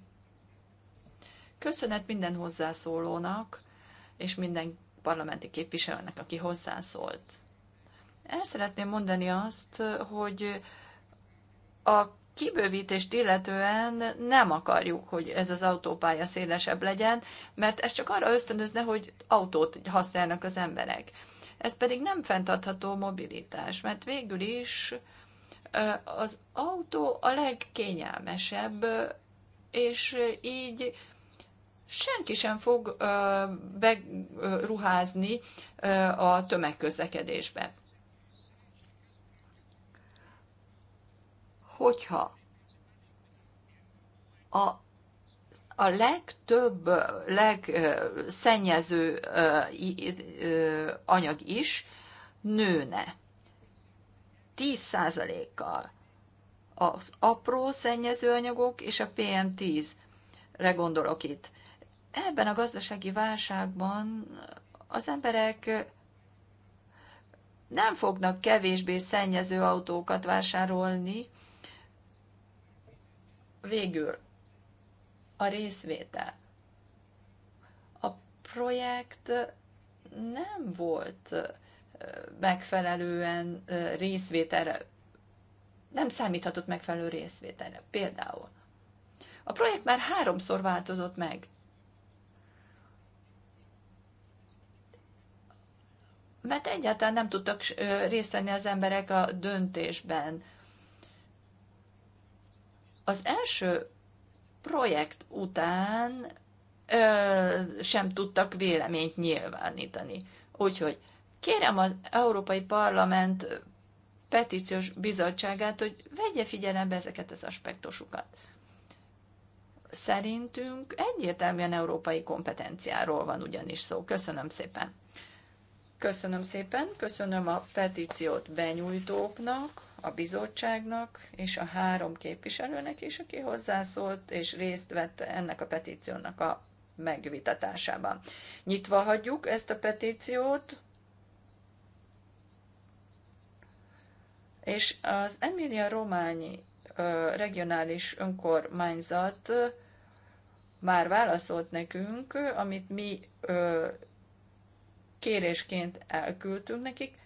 Köszönet minden hozzászólónak, és minden parlamenti képviselőnek, aki hozzászólt. El szeretném mondani azt, hogy a kibővítést illetően nem akarjuk, hogy ez az autópálya szélesebb legyen, mert ez csak arra ösztönözne, hogy autót használnak az emberek. Ez pedig nem fenntartható mobilitás, mert végül is az autó a legkényelmesebb, és így senki sem fog ö, beruházni ö, a tömegközlekedésbe. Hogyha a, a legtöbb, legszennyező anyag is nőne 10%-kal az apró szennyezőanyagok és a PM10-re gondolok itt. Ebben a gazdasági válságban az emberek nem fognak kevésbé szennyező autókat vásárolni. Végül a részvétel. A projekt nem volt megfelelően részvételre, nem számíthatott megfelelő részvételre. Például a projekt már háromszor változott meg. mert egyáltalán nem tudtak részt venni az emberek a döntésben. Az első projekt után ö, sem tudtak véleményt nyilvánítani. Úgyhogy kérem az Európai Parlament petíciós bizottságát, hogy vegye figyelembe ezeket az aspektusokat. Szerintünk egyértelműen európai kompetenciáról van ugyanis szó. Köszönöm szépen! Köszönöm szépen, köszönöm a petíciót benyújtóknak, a bizottságnak és a három képviselőnek is, aki hozzászólt és részt vett ennek a petíciónak a megvitatásában. Nyitva hagyjuk ezt a petíciót, és az Emilia Rományi regionális önkormányzat már válaszolt nekünk, amit mi kérésként elküldtünk nekik,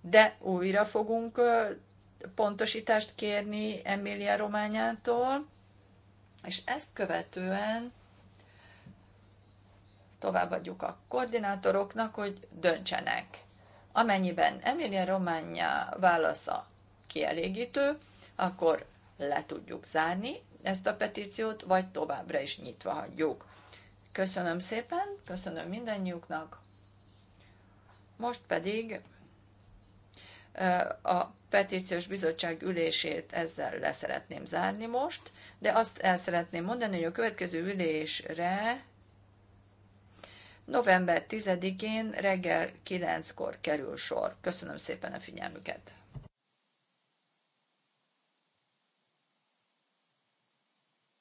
de újra fogunk pontosítást kérni Emília Rományától, és ezt követően továbbadjuk a koordinátoroknak, hogy döntsenek. Amennyiben Emilia Románia válasza kielégítő, akkor le tudjuk zárni ezt a petíciót, vagy továbbra is nyitva hagyjuk. Köszönöm szépen, köszönöm mindannyiuknak, most pedig a petíciós bizottság ülését ezzel szeretném zárni most, de azt el szeretném mondani, hogy a következő ülésre november 10-én reggel 9-kor kerül sor. Köszönöm szépen a figyelmüket!